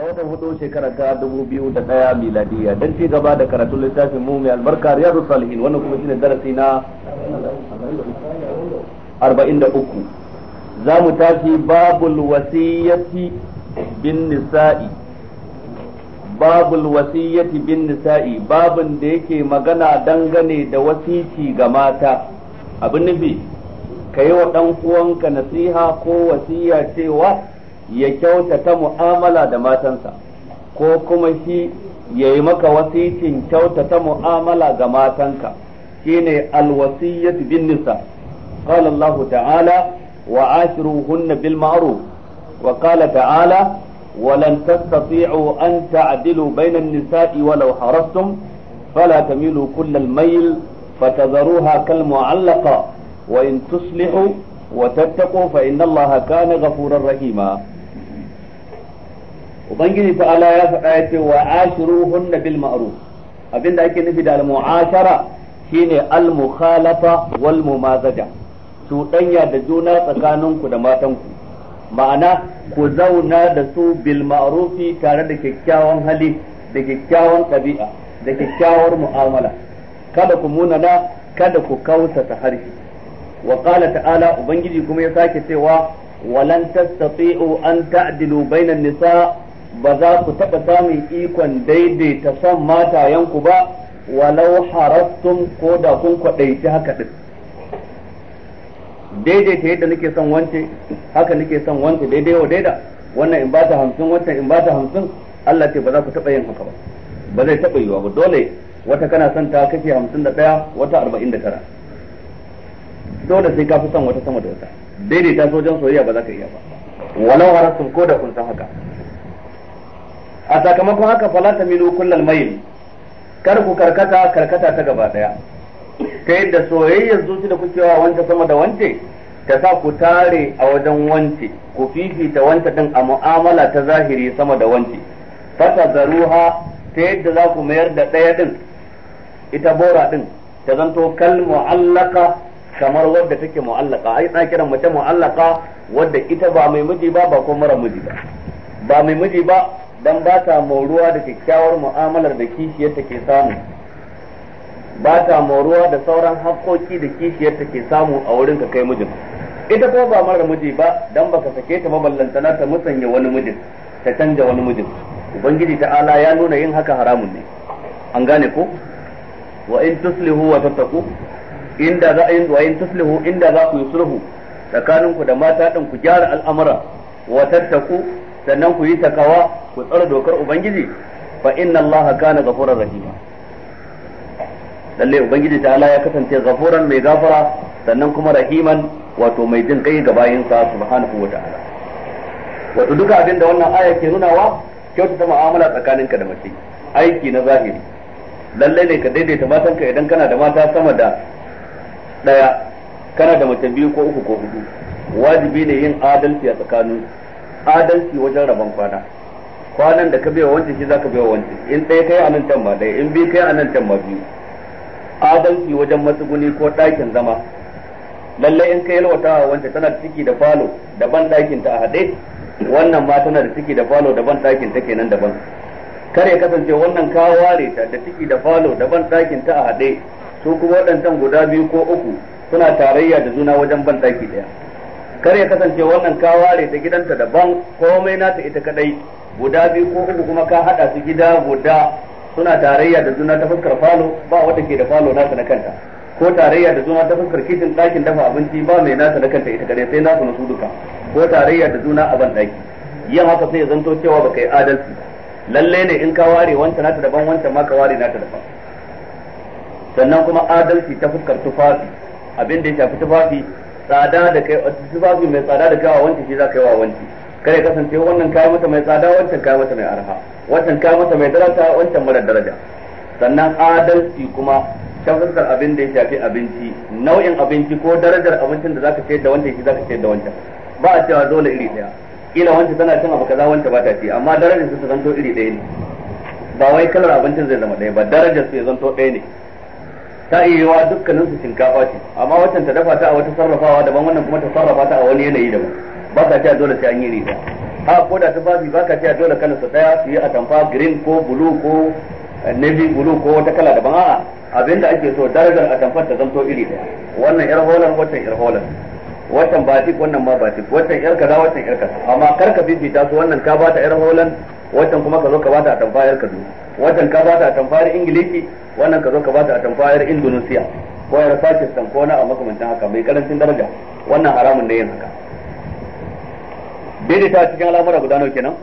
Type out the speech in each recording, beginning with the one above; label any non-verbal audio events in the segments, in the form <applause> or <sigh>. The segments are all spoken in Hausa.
ga watan hudu shekara ta dubu biyu da ɗaya miladiya don ci gaba da karatun littafin mu mai albarka riyadu salihin wannan kuma shine darasi na arba'in da uku za mu tashi babul wasiyyati bin nisa'i babul wasiyyati bin nisa'i babin da yake magana dangane da wasici ga mata abin nufi ka yi wa ɗan uwanka nasiha ko wasiya cewa ya kyautata mu'amala da matansa ko kuma shi ya yi maka wasicin kyautata mu'amala ga matanka shine alwasiyyatu bin nisa qala Allah ta'ala wa ashiruhunna bil ma'ruf wa qala ta'ala ولن تستطيعوا أن تعدلوا بين النساء ولو حرصتم فلا تميلوا كل الميل فتذروها كالمعلقة وإن تصلحوا وتتقوا فإن الله كان غفورا رحيما ubangiji ta ala ya faɗa ya ce wa na bil ma'ruf abinda ake nufi da al-mu'ashara shine al-mukhalafa wal mumazaja cuɗanya da juna tsakaninku da matanku ma'ana ku zauna da su bil ma'rufi tare da kyakkyawan hali da kyakkyawan ɗabi'a da kyakkyawar mu'amala kada ku munana kada ku kausata harshe wa qala ta'ala ubangiji kuma ya sake cewa walan tastati'u an ta'dilu bainan nisa' ba za ku taɓa samun ikon daidaita son matayenku ba walau harattun ko da kun kwaɗaici haka ɗin daidaita yadda nake son wance haka nake son wance daidai wa daida wannan in ba ta hamsin wancan in ba ta hamsin Allah ce ba za ku taɓa yin haka ba ba zai taɓa yiwa ba dole wata kana son ta kashe hamsin da ɗaya wata arba'in da tara dole sai ka fi son wata sama da wata daidaita sojan soyayya ba za ka iya ba walau harastum ko da kun san haka a sakamakon haka falata milo kullal mayl kar ku karkata karkata ta gaba daya ta yadda soyayyar zuci da kuke wa wance sama da wance ta sa ku tare a wajen wance ku fifita wance din a mu'amala ta zahiri sama da wance fata zaruha ta yadda za ku mayar da ɗaya din ita bora din ta zanto kal mu'allaka kamar wadda take mu'allaka ai na kiran mace mu'allaka wadda ita ba mai miji ba ba ko mara miji ba ba mai miji ba dan ba ta moruwa da kyakkyawar mu'amalar da kishiyarta ke samu ba ta moruwa da sauran haƙƙoƙi da kishiyarta ke samu a wurin ka kai mijin ita ko ba mara miji ba dan baka sake ta maballantana ta musanya wani mijin ta canja wani mijin ubangiji ta'ala ya nuna yin haka haramun ne an gane ko wa in tuslihu wa tattaqu inda za yi wa in tuslihu inda za ku yi sulhu tsakaninku da mata din ku gyara al'amura wa tattaku sannan ku yi takawa ku tsara dokar ubangiji fa inna Allah kana ghafurar rahima lalle ubangiji ta ala ya kasance ghafuran mai gafara sannan kuma rahiman wato mai jin kai ga bayinsa subhanahu ta'ala wato duka abin da wannan aya ke nunawa ta mu'amala tsakaninka da mace aiki na zahiri lallai ne ka daidaita matanka idan kana da mata sama da daya kana da mace biyu ko uku ko hudu wajibi ne yin adalci a tsakanin adalci wajen rabon kwana kwanan da ka biya wancan shi zaka biya wancan in ɗaya kai anan can ma ɗaya in bi kai anan can ma biyu adalci wajen matsuguni ko ɗakin zama lallai in kai a wancan tana da ciki da falo daban ɗakin ta a haɗe wannan ma tana da ciki da falo daban ɗakin ta kenan daban kar ya kasance wannan ka ware ta da ciki da falo daban ɗakin ta a haɗe su kuma waɗancan guda biyu ko uku suna tarayya da juna wajen ban ɗaki ɗaya kar ya kasance wannan ka ware ta gidanta daban komai nata ita kadai guda biyu ko uku kuma ka hada su gida guda suna tarayya da juna ta fuskar falo ba wanda ke da falo nasa na kanta ko tarayya da juna ta fuskar kitchen ɗakin dafa abinci ba mai nasa na kanta ita kadai sai nasu na su duka ko tarayya da juna a ban daki yin haka sai ya zanto cewa baka yi adalci lalle ne in ka ware wancan nata daban wancan ma ka ware nata daban sannan kuma adalci ta fuskar tufafi abin da ya shafi tufafi tsada da kai tufafi mai tsada da kai wa wanki shi za ka yi wa wanki kare kasance wannan kayi mata mai tsada wancan kayi mata mai arha wancan kayi mata mai daraja wancan mara daraja sannan adalci kuma ta abin da ya shafi abinci nau'in abinci ko darajar abincin da zaka sayar da wancan shi zaka sayar da wancan ba a cewa dole iri daya kila wancan tana cin abu kaza wancan ba ta ci amma darajar su ta zanto iri daya ne ba wai kalar abincin zai zama daya ba darajar su ya zanto daya ne ta iya yiwa dukkanin su shinkafa ce amma wancan ta dafa ta a wata sarrafawa daban wannan kuma ta sarrafa ta a wani yanayi daban ba ka cewa dole sai an yi ta a ko da ta babi ba ka cewa dole kalan su daya su yi atamfa green ko blue ko eh, navy blue ko wata kala daban a'a abinda ake so darajar atamfar ta zanto iri daya wannan yar holan wancan yar holan wancan batik wannan ma batik wancan yar kaza wancan yar kaza amma kar ka ta su wannan ka bata yar holan watan kuma ka zo ka ba ta a tamfayar kadu watan ka ta a tamfayar ingilishi wannan ka zo ka ta a tamfayar indonesia ko yar pakistan ko na a makamantan haka mai karancin daraja wannan haramun ne yin haka daidaita cikin al'amura guda nawa kenan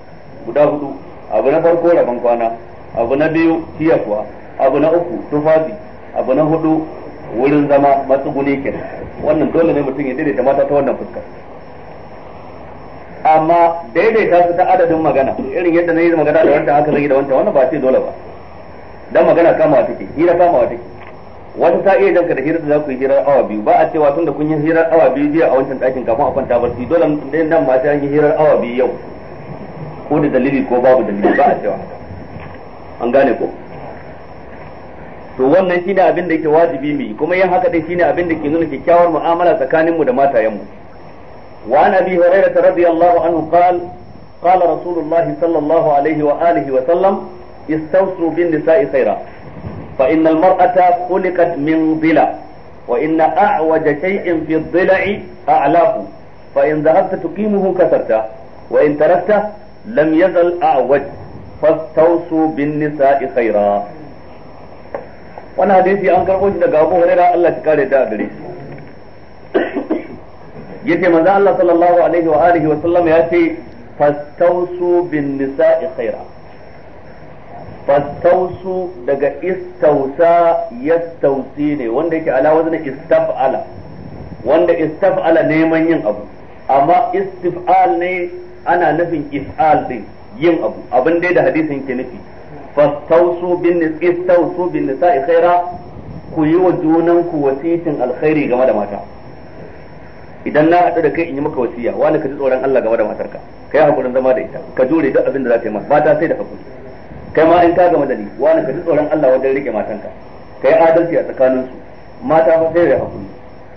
guda hudu abu na farko rabon kwana abu na biyu hiya kuwa abu na uku tufafi abu na hudu wurin zama matsuguni kenan wannan dole ne mutum ya daidaita mata ta wannan fuskar amma daidaita su ta adadin magana irin yadda na yi magana da wanda haka zai da wancan wannan ba ce dole ba dan magana kamawa take hira kamawa take wata ta iya janka da hirar da za ku yi hirar awa biyu ba a cewa tunda kun yi hirar awa biyu jiya a wancan ɗakin kafin a kwanta barci dole ne nan ma ta yi hirar awa biyu yau ko da dalili ko babu dalili ba a cewa an gane ko to wannan shine abin da yake wajibi mu kuma yin haka dai shine abin da ke nuna kyakkyawar mu'amala tsakaninmu da matayenmu mu وعن أبي هريرة رضي الله عنه قال قال رسول الله صلى الله عليه وآله وسلم استوصوا بالنساء خيرا فإن المرأة خلقت من ضلع وإن أعوج شيء في الضلع أعلاه فإن ذهبت تقيمه كسرته وإن تركته لم يزل أعوج فاستوصوا بالنساء خيرا وانا حديثي أنكر قلت لك أبو هريرة الله تكاري تأدري yace manzo Allah sallallahu alaihi wa alihi wa sallam ya ce fastausu bin nisa'i khaira fastausu daga istausa yastausi ne wanda yake ala wazna istaf'ala wanda istaf'ala neman yin abu amma istif'al ne ana nufin if'al din yin abu abin dai da hadisin ke nufi fastausu bin istausu bin nisa'i khaira ku yi wa junanku wasitin alkhairi game da mata idan na haɗu da kai in yi maka wasiya wani ka ji tsoron Allah game da matarka kai hakurin zama da ita ka jure duk abin da za ta yi ba ta sai da hakuri kai ma in ka gama da ni wani ka ji tsoron Allah wajen rike ka kai adalci a tsakaninsu mata fa sai da hakuri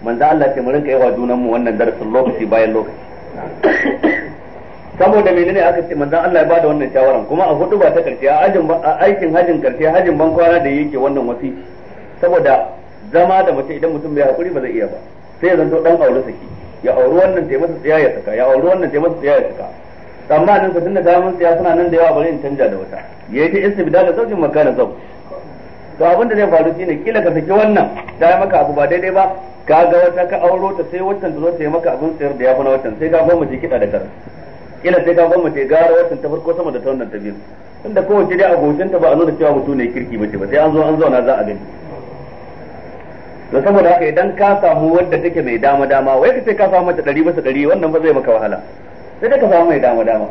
manzo Allah ce mu rinka yawa junan mu wannan darasin lokaci bayan lokaci saboda menene aka ce manzo Allah ya bada wannan shawaran kuma a hudu ba ta karshe a ajin aikin hajin karshe hajin ban kwana da yake wannan wasi saboda zama da mace idan mutum bai hakuri ba zai iya ba sai ya zanto dan aure saki ya auri wannan ta masa tsiya ya saka ya auri wannan ta masa tsiya ya saka tsammanin sa tunda damun siya suna nan da yawa bari in canja da wata yi ta bi daga zaujin makana zau to abin da zai faru shine kila ka saki wannan ta yi maka abu ba daidai ba ka ga wata ka auro ta sai watan ta zo ta yi maka abin tsayar da ya fi na watan sai ka goma ce kiɗa da kar kila sai ka goma ce gara watan ta farko sama da ta wannan ta biyu tunda kowace dai a gocin ta ba a nuna cewa mutum ne kirki mace ba sai an zo an zauna za a gani to saboda haka idan ka samu wadda take mai dama dama wai ka ce ka samu mata ɗari bisa ɗari wannan ba zai maka wahala sai ka samu mai dama dama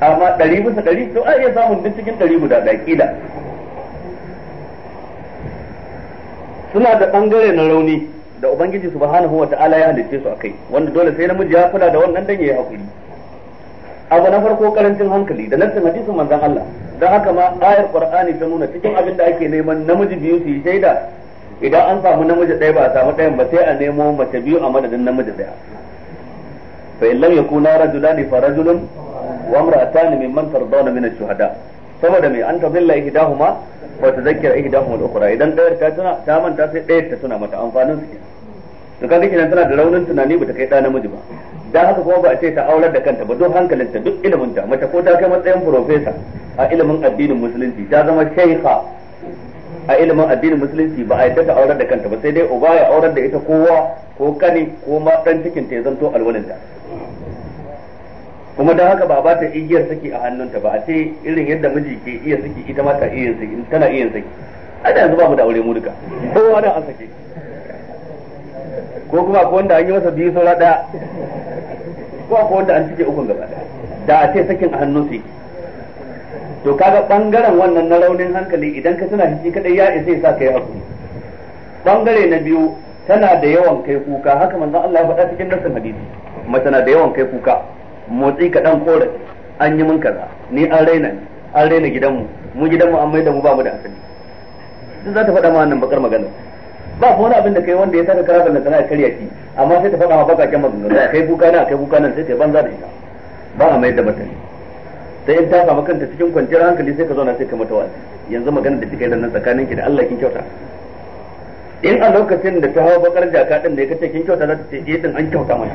amma ɗari bisa ɗari to a iya samun duk cikin ɗari guda ɗaya kila suna da ɓangare na rauni da ubangiji subhanahu wa ta'ala ya halicce su akai wanda dole sai namiji ya kula da wannan dan yayi hakuri abu na farko karancin hankali da nassin hadisin manzon Allah dan haka ma ayar qur'ani ta nuna cikin abin da ake neman namiji biyu su yi shaida idan an samu namiji ɗaya ba a samu ɗayan ba sai a nemo mace biyu a madadin namiji ɗaya fa illam yakuna rajulan fa rajulun wa imra'atan mimman tardawna min ash-shuhada saboda mai an tadilla ihdahuma wa tadhakkar ihdahuma al-ukhra idan ɗayar ta tuna ta manta sai ɗayar ta tuna mata amfanin su kenan to kaga kenan tana da raunin tunani ba ta kai ɗa namiji ba dan haka kuma ba a ce ta aurar da kanta ba don hankalinta duk ta mace ko ta kai matsayin profesa a ilimin addinin musulunci ta zama shaykha a ilimin addinin musulunci ba a yadda ta aurar da kanta ba sai dai uba ya aurar da ita kowa ko kani ko ma dan cikin ta ya zanto alwalinta kuma don haka ba ba ta igiyar saki a hannunta ba a ce irin yadda miji ke iya saki ita ma ta iya saki tana iya saki a da yanzu ba mu da aure mu duka kowa da an ko kuma ko wanda an yi masa biyu saura daya ko ko wanda an cike ukun gaba daya da a ce sakin a hannun su yake to kaga bangaren wannan na raunin hankali idan ka tana shi kadai ya isa sa kai abu bangare na biyu tana da yawan kai kuka haka manzon Allah ya faɗa cikin nassin hadisi mace tana da yawan kai kuka motsi kaɗan kore an yi mun kaza ni an raina ni an raina gidanmu mu gidanmu an maida mu ba mu da asali duk za ta faɗa ma wannan bakar magana ba ko wani abin da kai wanda ya saka karatu da sana'a karya ki amma sai ta faɗa ma bakakken maganganu kai kuka na kai kuka nan sai ta banza da ita ba a mayar da mutane sai in ta samu kanta cikin kwanciyar hankali sai ka zauna sai ka mata yanzu magana da kika yi nan tsakanin ki da Allah kin kyauta in a lokacin da ta hawa bakar jaka din da ya kace kin kyauta za ta ce eh din an kyauta mai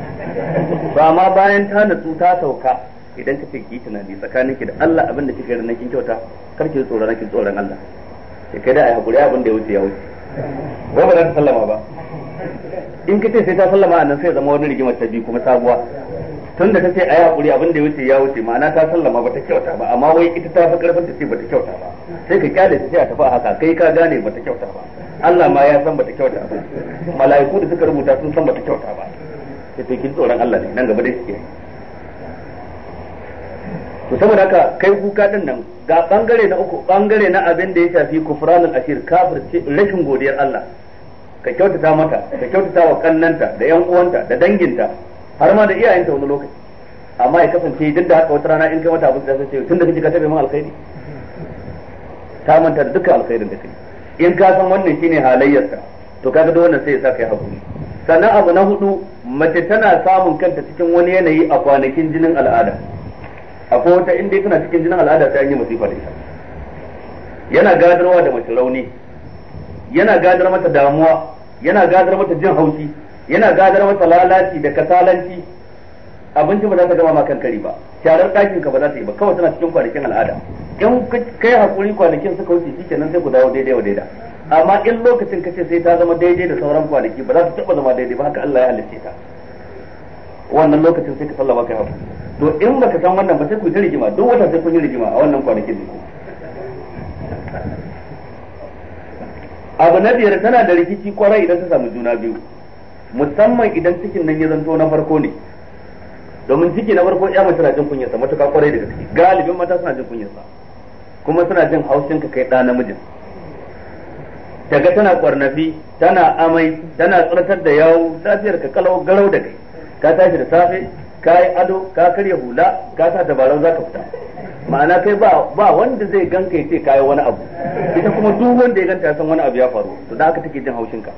ba ma bayan ta nutsu ta sauka idan ka ce ki tunani tsakanin ki da Allah abin da kika yi nan kin kyauta kar ki tsoron ki tsoron Allah sai kai da ai hakuri abin da ya wuce ya wuce ba ba za ta sallama ba in ka ce sai ta sallama a nan sai zama wani rigimar ta bi kuma sabuwa tun da ta a ayi hakuri abin da ya wuce ya wuce ma'ana ta sallama ba ta kyauta ba amma wai ita ta fi karfin ta ce ba ta kyauta ba sai ka kyale ta ce a tafi a haka kai ka gane ba ta kyauta ba Allah ma ya san ba ta kyauta ba mala'iku da suka rubuta sun san ba ta kyauta ba sai kin tsoron Allah ne nan gaba dai suke to saboda haka kai kuka din nan ga bangare na uku bangare na abin da ya shafi kufranul ashir kafir rashin godiyar Allah ka kyautata mata ka kyautata wa kannanta da yan uwanta da danginta har ma da iyayenta wani lokaci amma ya kasance duk da haka wata rana in kai mata abu da sai ce da kake ka tabe min alkhairi ta manta da dukkan alkhairin da kai in ka san wannan shine halayyarsa to kaga da wannan sai ya sa kai hakuri sannan abu na hudu mace tana samun kanta cikin wani yanayi a kwanakin jinin al'ada akwai wata inda tana cikin jinin al'ada ta yi masifa da ita yana gadarwa da mace rauni yana gadar mata damuwa yana gadar mata jin haushi yana gadar masa lalaci da kasalanci abinci ba za ta gama ma kankari ba sharar ɗakin ka ba za ta yi ba kawai tana cikin kwanakin al'ada in kai hakuri kwanakin suka wuce shi kenan sai ku dawo daidai wa daida amma in lokacin kace sai ta zama daidai da sauran kwanaki ba za ta taɓa zama daidai ba haka Allah ya halicce ta wannan lokacin sai ka sallama kai hakuri to in baka san wannan ba sai ku yi ta rigima duk wata sai kun yi rigima a wannan kwanakin ne abu na biyar tana da rikici kwarai idan ta samu juna biyu musamman idan cikin nan ya zanto na farko ne domin ciki na farko ya mace na jin kunyarsa matuka kwarai da gaske galibin mata suna jin kunyarsa kuma suna jin haushin ka kai ɗa namijin daga tana kwarnafi tana amai tana tsirtar da yawo lafiyar ka kalau garau da kai ka tashi da safe ka yi ado ka karya hula ka sa tabarau za ka fita ma'ana kai ba wanda zai ganka ya ce yi wani abu ita kuma duk wanda ya ganta ya san wani abu ya faru to da haka take jin haushin ka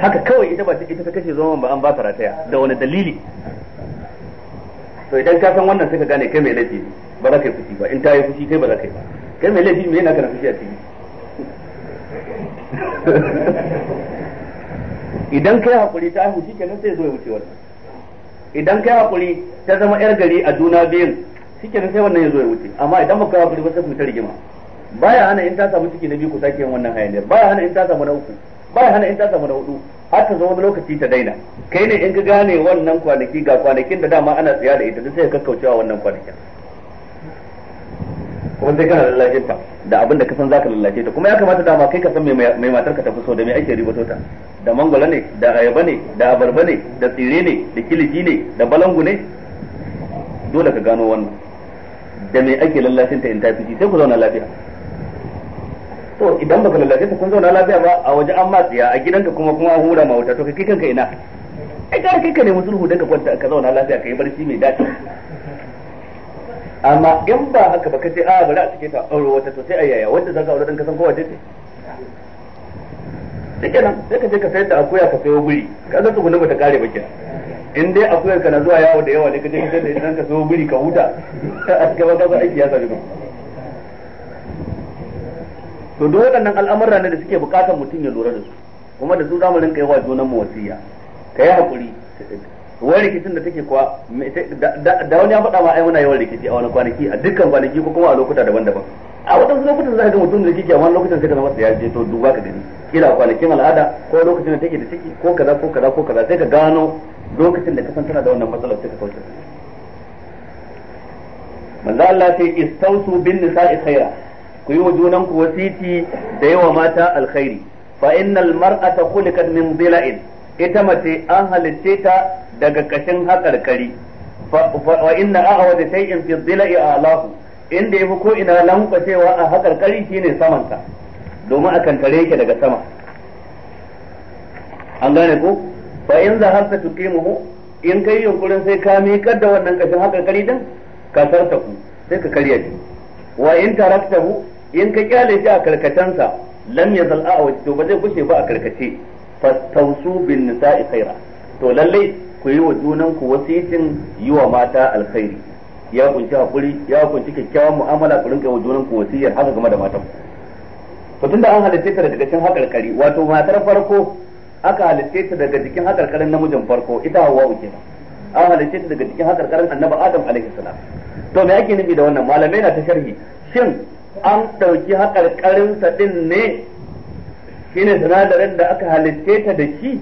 haka kawai ita ba ita ta kashe zoma ba an ba ta rataya da wani dalili to idan ka san wannan sai ka gane kai mai laifi ba za ka yi fushi ba in ta yi fushi kai ba za ka yi ba kai mai laifi me yana kana fushi a ciki <laughs> idan kai hakuri ta haihu shikenan sai zo ya wuce wannan idan kai hakuri ta zama yar gari a juna biyun shikenan sai wannan ya zo ya wuce amma idan baka hakuri ba sai ku ta rigima baya hana in ta samu ciki na biyu ku sake yin wannan hayaniyar baya hana in ta samu na uku baya hana in ta samu na hudu har ta zama lokaci ta daina kai ne in ka gane wannan kwanaki ga kwanakin da dama ana tsaya da ita duk sai ka kakkaucewa wannan kwanakin kuma sai kana lallace ta da abin da ka san zaka lallace ta kuma ya kamata dama kai ka san mai matar ka tafi so da me ake ribato ta da mangwala ne da ayaba ne da abarba ne da tsire ne da kilici ne da balangu ne dole ka gano wannan da me ake lallacin ta in ta fi sai ku zauna lafiya to idan baka lalace ka kun zauna lafiya ba a waje an matsiya a gidanka kuma kuma an hura ma wuta to kai kanka ina ai kar kai ka nemi sulhu dan ka kwanta ka zauna lafiya kai barci mai daɗi amma in ba haka ba ka ce a bari a cike ta aure wata to sai a yaya wanda zaka aure dan ka san kowa ce take nan sai ka je ka sayar da akuya ka sayo guri ka san tsuguna bata kare ba kenan in dai akuyar ka na zuwa yawo da yawa ne ka je ka sayar da ita ka sayo guri ka huta a cikin wata aiki ya sami ba to duk waɗannan al'amuran ne da suke buƙatar mutum ya lura da su kuma da su zamu rinka yi wa junan mu wasiya kai hakuri wani rikicin da take kuwa da wani ya faɗa ma ai muna yawan rikici a wani kwanaki a dukkan kwanaki ko kuma a lokuta daban-daban a waɗansu lokutan za ka ga mutum da rikici amma lokutan sai ka zama ya je to duba ka gani kila kwanakin al'ada ko lokacin da take da ciki ko kaza ko kaza ko kaza sai ka gano lokacin da ka san tana da wannan matsalar sai ka kauce manzo Allah sai istausu bin nisa'i khaira ku yi wa junanku wasiti da yawa mata alkhairi fa innal mar'ata khuliqat min dhila'in ita mace an halitte ta daga kashin hakarkari fa inna a'wada shay'in fi dhila'i a'lahu inda yafi ko ina lankwacewa a hakarkari shine samanta domin akan tare yake daga sama an gane ku? fa in zaharta tuqimuhu in kai yunkurin sai ka miƙar da wannan kashin hakarkari din ka sarta ku sai ka karya shi wa in taraktahu in ka kyale shi a karkatansa lam zal'a a wajen to ba zai kushe ba a karkace fastausu bin nisa'i khaira to lallai ku yi wa junan ku wasitin yi wa mata alkhairi ya kunci hakuri ya kunci kyakkyawan mu'amala ku rinka wa junan ku wasiyar haka game da matan to tunda an halitta ta daga cikin hakarkari wato matar farko aka halitta ta daga cikin hakarkarin namijin farko ita hawa uke an halitta ta daga cikin hakarkarin annabi adam alaihi salam to me ake nufi da wannan malamai na ta sharhi shin an ɗauki haƙarƙarinsa ɗin ne shine sinadarin da aka halitta ta da shi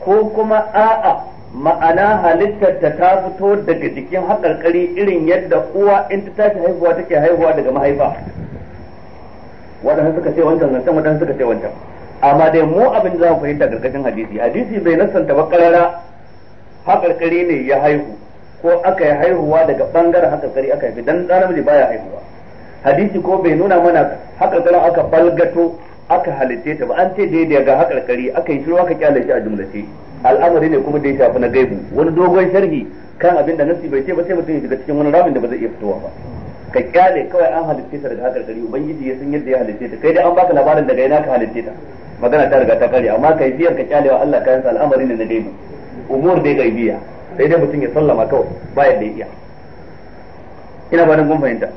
ko kuma a'a ma'ana halittar ta ta fito daga jikin haƙarƙari irin yadda uwa in ta tashi haihuwa take haihuwa daga mahaifa waɗansu suka ce wancan zancen waɗansu suka ce wancan amma dai mu abin za mu fahimta gargajin hadisi hadisi bai nasanta ba ƙarara haƙarƙari ne ya haihu ko aka yi haihuwa daga ɓangaren haƙarƙari aka fi dan ɗan namiji baya haihuwa hadisi ko bai nuna mana tsara aka balgato aka halitte ta ba an ce daidai ga kari aka yi shiru aka kyale shi a jumlace al'amari ne kuma da ya shafi na gaibu wani dogon sharhi kan abin da nasi bai ce ba sai mutum ya shiga cikin wani ramin da ba zai iya fitowa ba ka kyale kawai an halitte ta daga kari ubangiji ya san yadda ya halitte ta kai dai an baka labarin daga yana ka halitte ta magana ta riga ta kare amma kai biyar ka kyalewa Allah ka yansa al'amari ne na gaibu umur dai gaibiya sai dai mutum ya sallama kawai ba yadda ya iya ina ba nan kun fahimta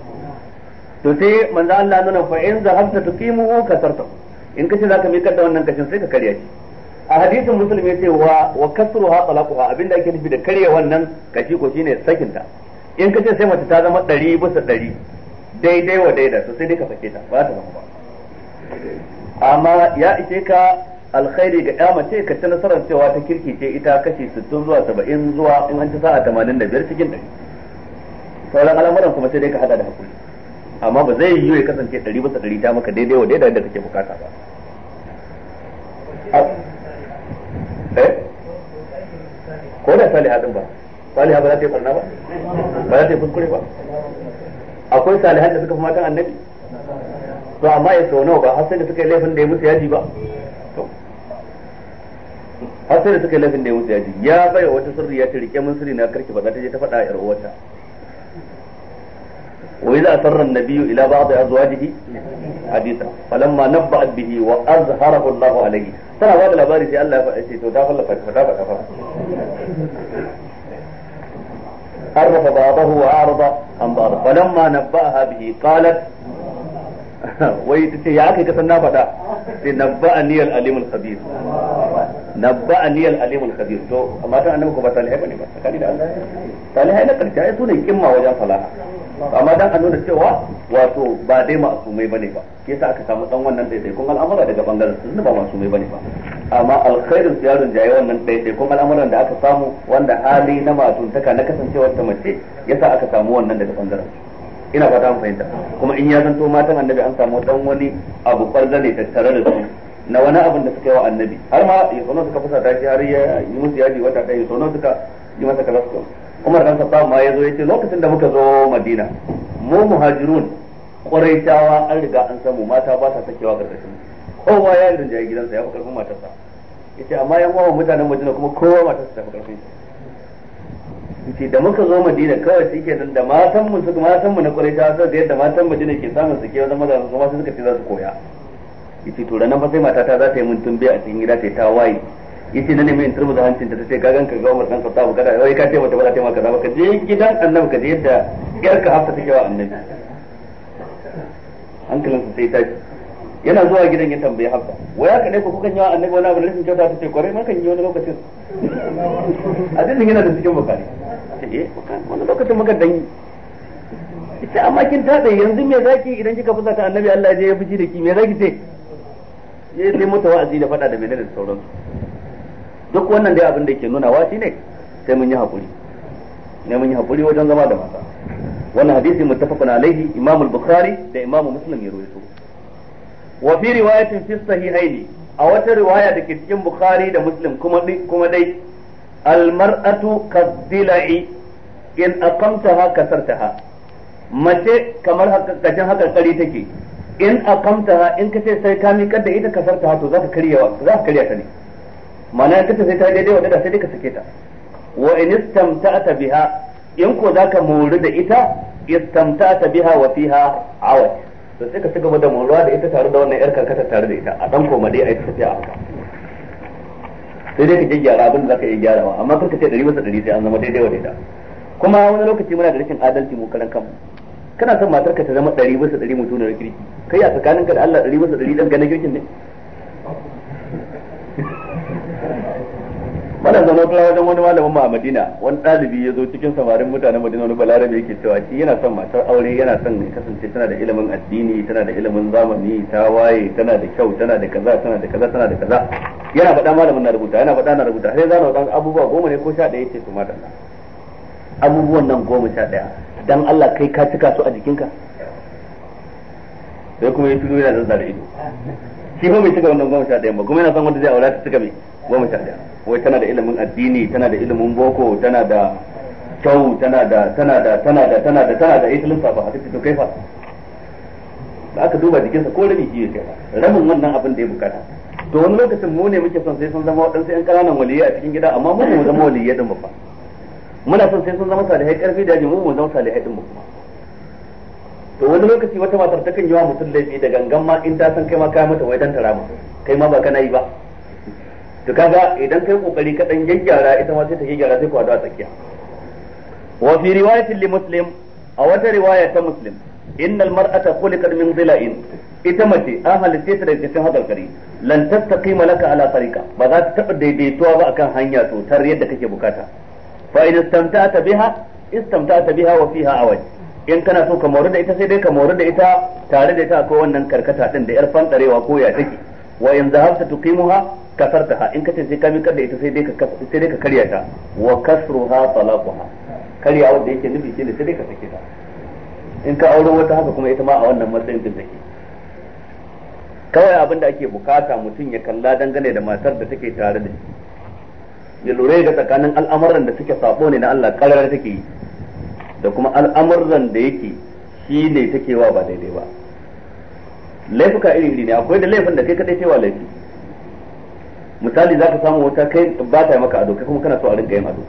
to sai manzo Allah nuna fa in zahabta tuqimuhu kasarta in kace zaka mika da wannan kashin sai ka karya shi a hadisin muslim yace wa wa kasruha talaquha abinda ake nufi da karya wannan kashi ko shine sakinta in kace sai mace ta zama 100 bisa 100 daidai wa daida to sai dai ka fake ta ba ta ba amma ya ishe ka alkhairi ga ya mace ka ta nasarar cewa ta kirki ce ita kashi 60 zuwa 70 zuwa in an ci sa'a 85 cikin 100 sauran al'amuran kuma sai dai ka hada da hakuri amma ba zai yiwu ya kasance ɗari bisa ɗari ta maka daidai wa daidai da kake bukata ba ah. eh? ko da sali din ba saliha ba za ta yi ɓarna ba ba za ta yi kuskure ba akwai salihan da suka fi matan annabi to amma ya sau nawa ba har sai da suka yi laifin da ya musu yaji ba har sai da suka yi laifin da ya musu yaji ya bai wata sirri ya ta rike mun sirri na karki ba za ta je ta faɗa a 'yar وإذا أسر النبي إلى بعض أزواجه حديثا فلما نبأت به وأظهره الله عليه ترى هذا الأباري في الله فأسي تدافل فتدافل عرف بعضه وأعرض عن بعض فلما نبأها به قالت <laughs> wai ta ce ya aka kasan na faɗa sai nabba aniyal alimul khabir nabba aniyal alimul khabir to amma ta annabi ko ba salihai bane ba tsakani da Allah talihai na karshe ai sunan kimma wajen falaha amma dan an nuna cewa wato ba dai ma'asumai bane ba sa aka samu dan wannan daidai kun al'amura daga bangaren su ba ma'asumai bane ba amma alkhairin su jayi jaye wannan daidai kun al'amuran da aka samu wanda hali na matuntaka na kasancewar ta mace yasa aka samu wannan daga bangaren ina fata mun fahimta kuma in ya zanto matan annabi an samu dan wani abu farza ne tattare da su na wani abin da suka yi wa annabi har ma ya sono suka fusa ta shi har ya yi musu yaji wata ɗaya ya sono suka yi masa kaza suka Umar dan Khattab ma ya zo ya ce lokacin da muka zo Madina mu muhajirun ƙuraitawa an riga an samu mata ba sa sakewa karkashin kowa ya yi rinjaye gidansa ya fi karfin matarsa yace amma yan uwan mutanen Madina kuma kowa matarsa ta fi karfin shi yace da muka zo Madina kawai suke kenan da matan mu suka matan mu na ta sai da yadda matan Madina ke samun su ke wajen maza su kuma suka ce za su koya yace to ranan fa sai matata za ta yi mun tumbiya a cikin gida ta ta waye yace na nemi in da hancin ta sai gagan ka ga Umar dan Khattab kada sai ka ce mata ba za ta maka kaza ba ka je gidan Annabi ka je yadda ka hafsa take wa Annabi hankalinsa sai ta yana zuwa gidan ya tambayi hafsa wai ka ne ko kukan yi wa Annabi wani abu da rashin kyauta ta ce kwarai ma kan yi wani lokacin cikin yana da cikin bukari Eh, ta je wani lokacin muka ita amma kin taɗa yanzu me zaki idan kika fusa ta annabi Allah ya je ya fici da ki me zaki ce ya sai mata wa'azi da faɗa da menene da sauransu duk wannan dai abin da ke wa shine sai mun yi hakuri ne mun yi hakuri wajen zama da mata wannan hadisi muttafaqun alaihi imam al-bukhari da imam muslim ya rawaito wa fi riwayatin fi sahihaini a wata riwaya da ke cikin bukhari da muslim kuma kuma dai almar'atu kadhila'i in aqamtaha kasartaha mace kamar kashin haka kari take in aqamtaha in kace sai ka miƙar da ita kasartaha to zaka karyawa zaka karya ta ne ma'ana in kace sai ta daidai wadda sai dai ka sake ta wa in istamta'ta biha in ko zaka mori da ita istamta'ta biha wa fiha awaj to sai ka ci gaba da moruwa da ita tare da wannan yar karkata tare da ita a dan koma dai a yi tafiya a haka sai dai ka je gyara abin da zaka iya gyarawa amma kar ka ce dari masa dari sai an zama daidai wa daida kuma wani lokaci muna da rashin adalci mu karan kanmu kana son ka ta zama dari masa dari mutum da kirki kai a ka da Allah dari masa dari dan ganin kirkin ne mana zama kuma wajen wani malamin mu a Madina wani ɗalibi ya zo cikin samarin mutanen Madina wani balarabe yake cewa shi yana son matar aure yana son ya kasance tana da ilimin addini tana da ilimin zamani ta waye tana da kyau tana da kaza tana da kaza tana da kaza yana faɗa malamin na rubuta yana faɗa na rubuta sai zana wasu abubuwa goma ne ko sha ɗaya ce su matan abubuwan nan goma sha ɗaya dan Allah kai ka cika su a jikinka sai kuma ya tuno yana zazzare ido shi fa mai shiga wannan goma sha ɗaya ba kuma yana son wanda zai aure ta shiga mai goma sha ɗaya wai tana da ilimin addini tana da ilimin boko tana da kyau tana da tana da tana da tana da tana da ita lissafa a cikin kai fa da aka duba jikinsa ko rabi shi kai ramin wannan abin da ya bukata to wani lokacin mu ne muke son sai sun zama waɗansu ƴan ƙananan waliyai a cikin gida amma mu ne mu zama waliyai din ba fa muna son sai sun zama salihai karfi da mu mu zama salihai din ba kuma to wani lokaci wata matar ta kan yi wa mutum laifi da gangan ma in ta san kai ma kai mata wai dan ma kai ma ba kana yi ba to kaga idan kai kokari ka dan gyaggyara ita ma sai ta gyaggyara sai ku hadu a tsakiya wa fi riwayatin li muslim a wata riwaya ta muslim innal mar'ata khuliqat min dhila'in ita mace an halitta ta daga cikin hadarkari lan tastaqima laka ala tariqa ba za ta taba daidaituwa ba akan hanya to tar yadda kake bukata fa in istamta'ta biha istamta'ta biha wa fiha awaj in kana so ka moru da ita sai dai ka moru da ita tare da ita akwai wannan karkata din da yar fantarewa ko ya take wa in zahabta tuqimuha kasartaha in ce sai ka miƙar da ita sai dai ka sai dai ka karya ta wa kasruha talaquha karya wanda yake nufi ne sai dai ka sake ta in ka auro wata haka kuma ita ma a wannan matsayin din take kawai abin da ake bukata mutum ya kalla dangane da matar da take tare da shi ya lura ga tsakanin al'amuran da suke sabo ne na Allah karar take yi da kuma al'amuran da yake shi ne take wa ba daidai ba laifuka iri iri ne akwai da laifin da kai kadai cewa laifi misali zaka samu wata kai ba ta maka ado kai kuma kana so a rinka yin ado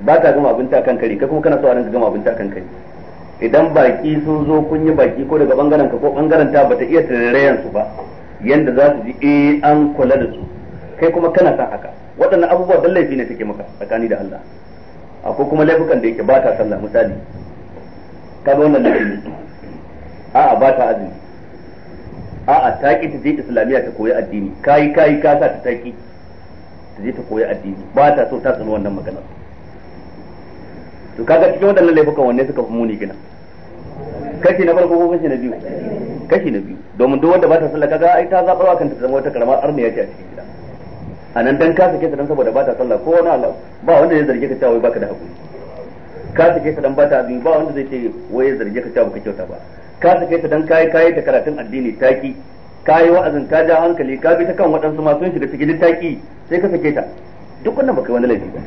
ba ta gama abinci akan kari kai kuma kana so a rinka gama abinci akan kari idan baki sun zo kun yi baki ko daga bangaren ka ko bangaren ta bata iya tarayyan su ba yanda za su ji eh an kula da su kai kuma kana san haka waɗannan abubuwa dan laifi ne take maka tsakani da Allah akwai kuma laifukan da yake ba ta sallah misali ka ga wannan laifi a'a ba ta azumi a'a ta ki ta je islamiyya ta koyi addini kayi kayi ka sa ta taki ta je ta koyi addini ba ta so ta tsani wannan magana to kaga cikin waɗannan laifukan wanne suka fi muni gina kashi na farko ko kashi na biyu kashi na biyu domin duk wanda ba ta sallah kaga ai ta zabarwa kanta ta zama wata karamar arniya ce a cikin gida a nan dan ka sake ta dan saboda ba ta sallah ko wani Allah ba wanda zai zarge ka cewa wai baka da hakuri ka sake ta dan ba ta azumi ba wanda zai ce wai zarge ka cewa baka kyauta ba ka sake ta dan kai kai ta karatun addini taki kai wa'azin ka ja hankali ka bi ta kan waɗansu masu sun shiga cikin taki sai ka sake ta duk wannan baka wani laifi ba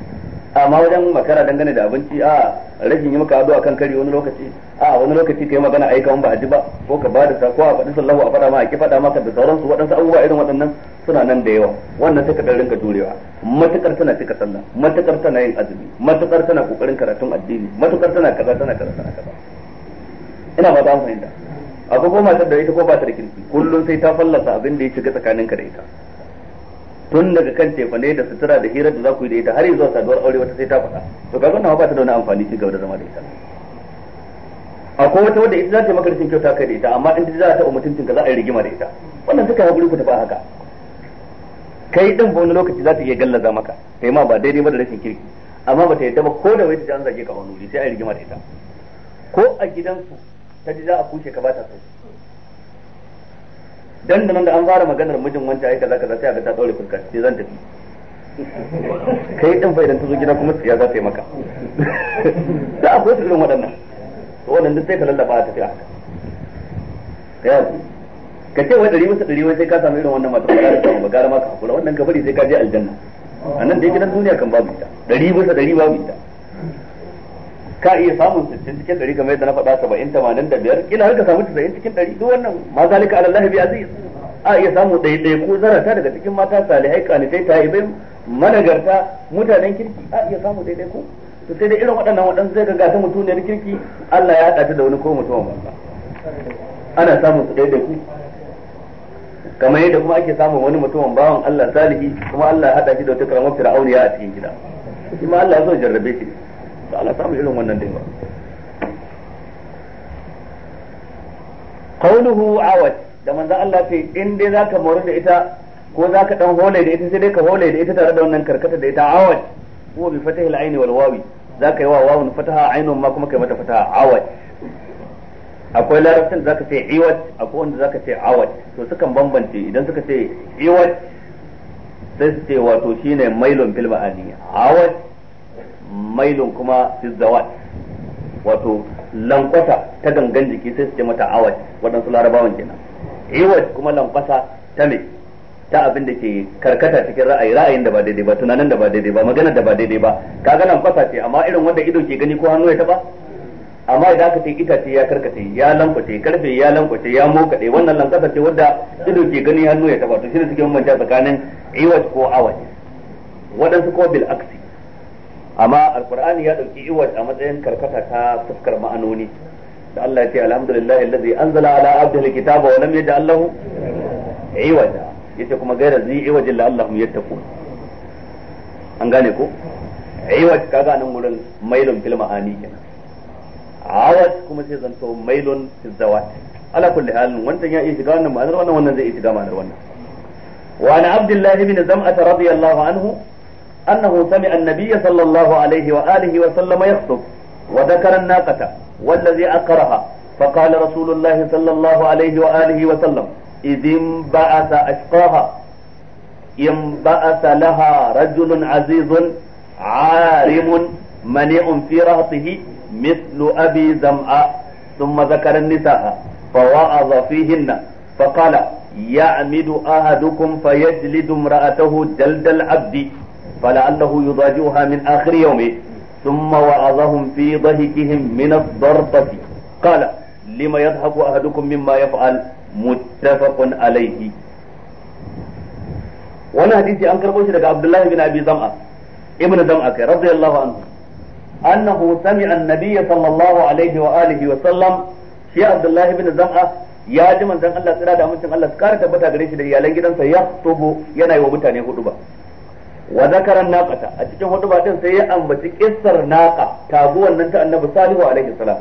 amma wajen makara dangane da abinci a rashin yi maka addu'a kan kari wani lokaci a wani lokaci kai magana aika wani ba a ji ba ko ka da sa ko a faɗi sallahu a faɗa ma a ki faɗa maka da sauransu waɗansu abubuwa irin waɗannan suna nan da yawa wannan sai ka rinka jurewa matukar tana cika sallah matukar tana yin azumi matukar tana kokarin karatun addini matukar tana kaza tana kaza tana kaza ina ba ta fahimta akwai ko matar da ita ko ba ta da kirki kullum sai ta fallasa abin da ya shiga tsakaninka da ita tun daga kan tefane da sutura da hirar da za ku yi da ita har zuwa saduwar aure wata sai ta faɗa to kaga wannan ba ta da wani amfani ci gaba da zama da ita akwai wata wadda ita za ta maka rashin kyauta kai da ita amma in ta za ta taɓa ka za a yi rigima da ita wannan suka haƙuri ku ta ba haka kai din ba wani lokaci za ta iya gallaza maka kai ma ba daidai ba da rashin kirki amma ba ta yadda ba ko da wai ta an zage ka wani wuri sai a rigima da ita ko a gidansu ta ji za a kushe ka ba ta sauki dan da nan da an fara maganar mijin wancan ai kaza kaza sai a ga ta daure fuska sai zan tafi kai din fa idan ta zo gida kuma tsiya za ta yi maka da akwai su irin waɗannan to duk sai ka lallaba ta tafi haka ka ce wai dari masa dari wai sai ka samu irin wannan mata da za ka ba gara ma ka hakura wannan ka bari sai ka je aljanna a nan dai gidan duniya kan babu ita dari masa dari babu ita ka iya samun sittin cikin dari kamar yadda na faɗa saba'in tamanin da biyar kila har ka samu tasa'in cikin dari duk wannan ma zalika alallahi bi aziz a iya samu ɗaiɗai ko zarata daga cikin mata salihai kanitai ta'ibai managarta mutanen kirki a iya samu ɗaiɗai ko to sai da irin waɗannan waɗansu zai ga ta mutuniyar kirki Allah ya haɗa ta da wani ko mutuwa ana samun su ɗaiɗai ko kamar yadda kuma ake samun wani mutumin bawan Allah salihi kuma Allah ya hada shi da wata karamar fir'auniya a cikin gida shi ma Allah ya so jarrabe shi to Allah samu irin wannan dai ba qauluhu awat da manzo Allah ce in dai zaka moru da ita ko zaka dan hole da ita sai dai ka hole da ita tare da wannan karkata da ita awat ko bi fatahil ayni wal wawi zaka yi wa wawun fataha aynun ma kuma kai mata fataha awat akwai larabcin da zaka ce iwat akwai wanda zaka ce awat to sukan bambance idan suka ce iwat sai su ce wato shine mailun fil ma'ani awat mailun kuma fi zawat wato lankwasa ta gangan jiki sai su ce mata awat waɗansu larabawan kenan iwat kuma lankwasa ta me ta abin da ke karkata cikin ra'ayi ra'ayin da ba daidai ba tunanin da ba daidai ba maganar da ba daidai ba kaga lankwasa ce amma irin wanda ido ke gani ko hannu ya taba amma idan aka ce itace ya karkace ya lankwace karfe ya lankwace ya mokade wannan lankasa ce wadda ido ke gani hannu ya taba to shine suke manta tsakanin iwaj ko awaj waɗansu ko bil aksi amma alqur'ani ya dauki iwaj a matsayin karkata ta fuskar ma'anoni da Allah ya ce alhamdulillahi allazi anzala ala abdihi alkitaba wa lam yaj'al lahu ya yace kuma gaira zai iwajin la'allahum yattaqun an gane ko iwaj kaga nan gurin mailun fil ma'ani kenan awat kuma sai zanto mailun zawat ala kulli halin wannan ya iya shiga wannan ma'anar wannan wannan zai iya shiga ma'anar wannan wa ana abdullah ibn zam'ah radiyallahu anhu annahu sami'a an-nabiy sallallahu alaihi wa alihi wa sallama yakhutub wa dhakara an-naqata wallazi aqraha فقال رسول الله صلى الله عليه وآله وسلم إذ انبعث أشقاها انبعث لها رجل عزيز عارم منيع في رهطه مثل أبي زمعة ثم ذكر النساء فوعظ فيهن فقال يعمد أحدكم فيجلد امرأته جلد العبد فلعله يضاجعها من آخر يومه ثم وعظهم في ضحكهم من الضربة قال لما يضحك أحدكم مما يفعل متفق عليه وانا حديثي أنكر بوشي لك عبد الله بن أبي زمعة ابن زمعة رضي الله عنه annahu sami'a an-nabiy sallallahu alaihi wa alihi wa sallam shi Abdullah ibn Zam'a ya ji manzon Allah tsira da mutum Allah kare tabbata gare shi da iyalan gidansa ya tubu yana wa mutane hudu ba wa zakaran naqata a cikin hudu ba din sai ya ambaci kissar naqa ta nan ta Annabi Salihu alaihi salam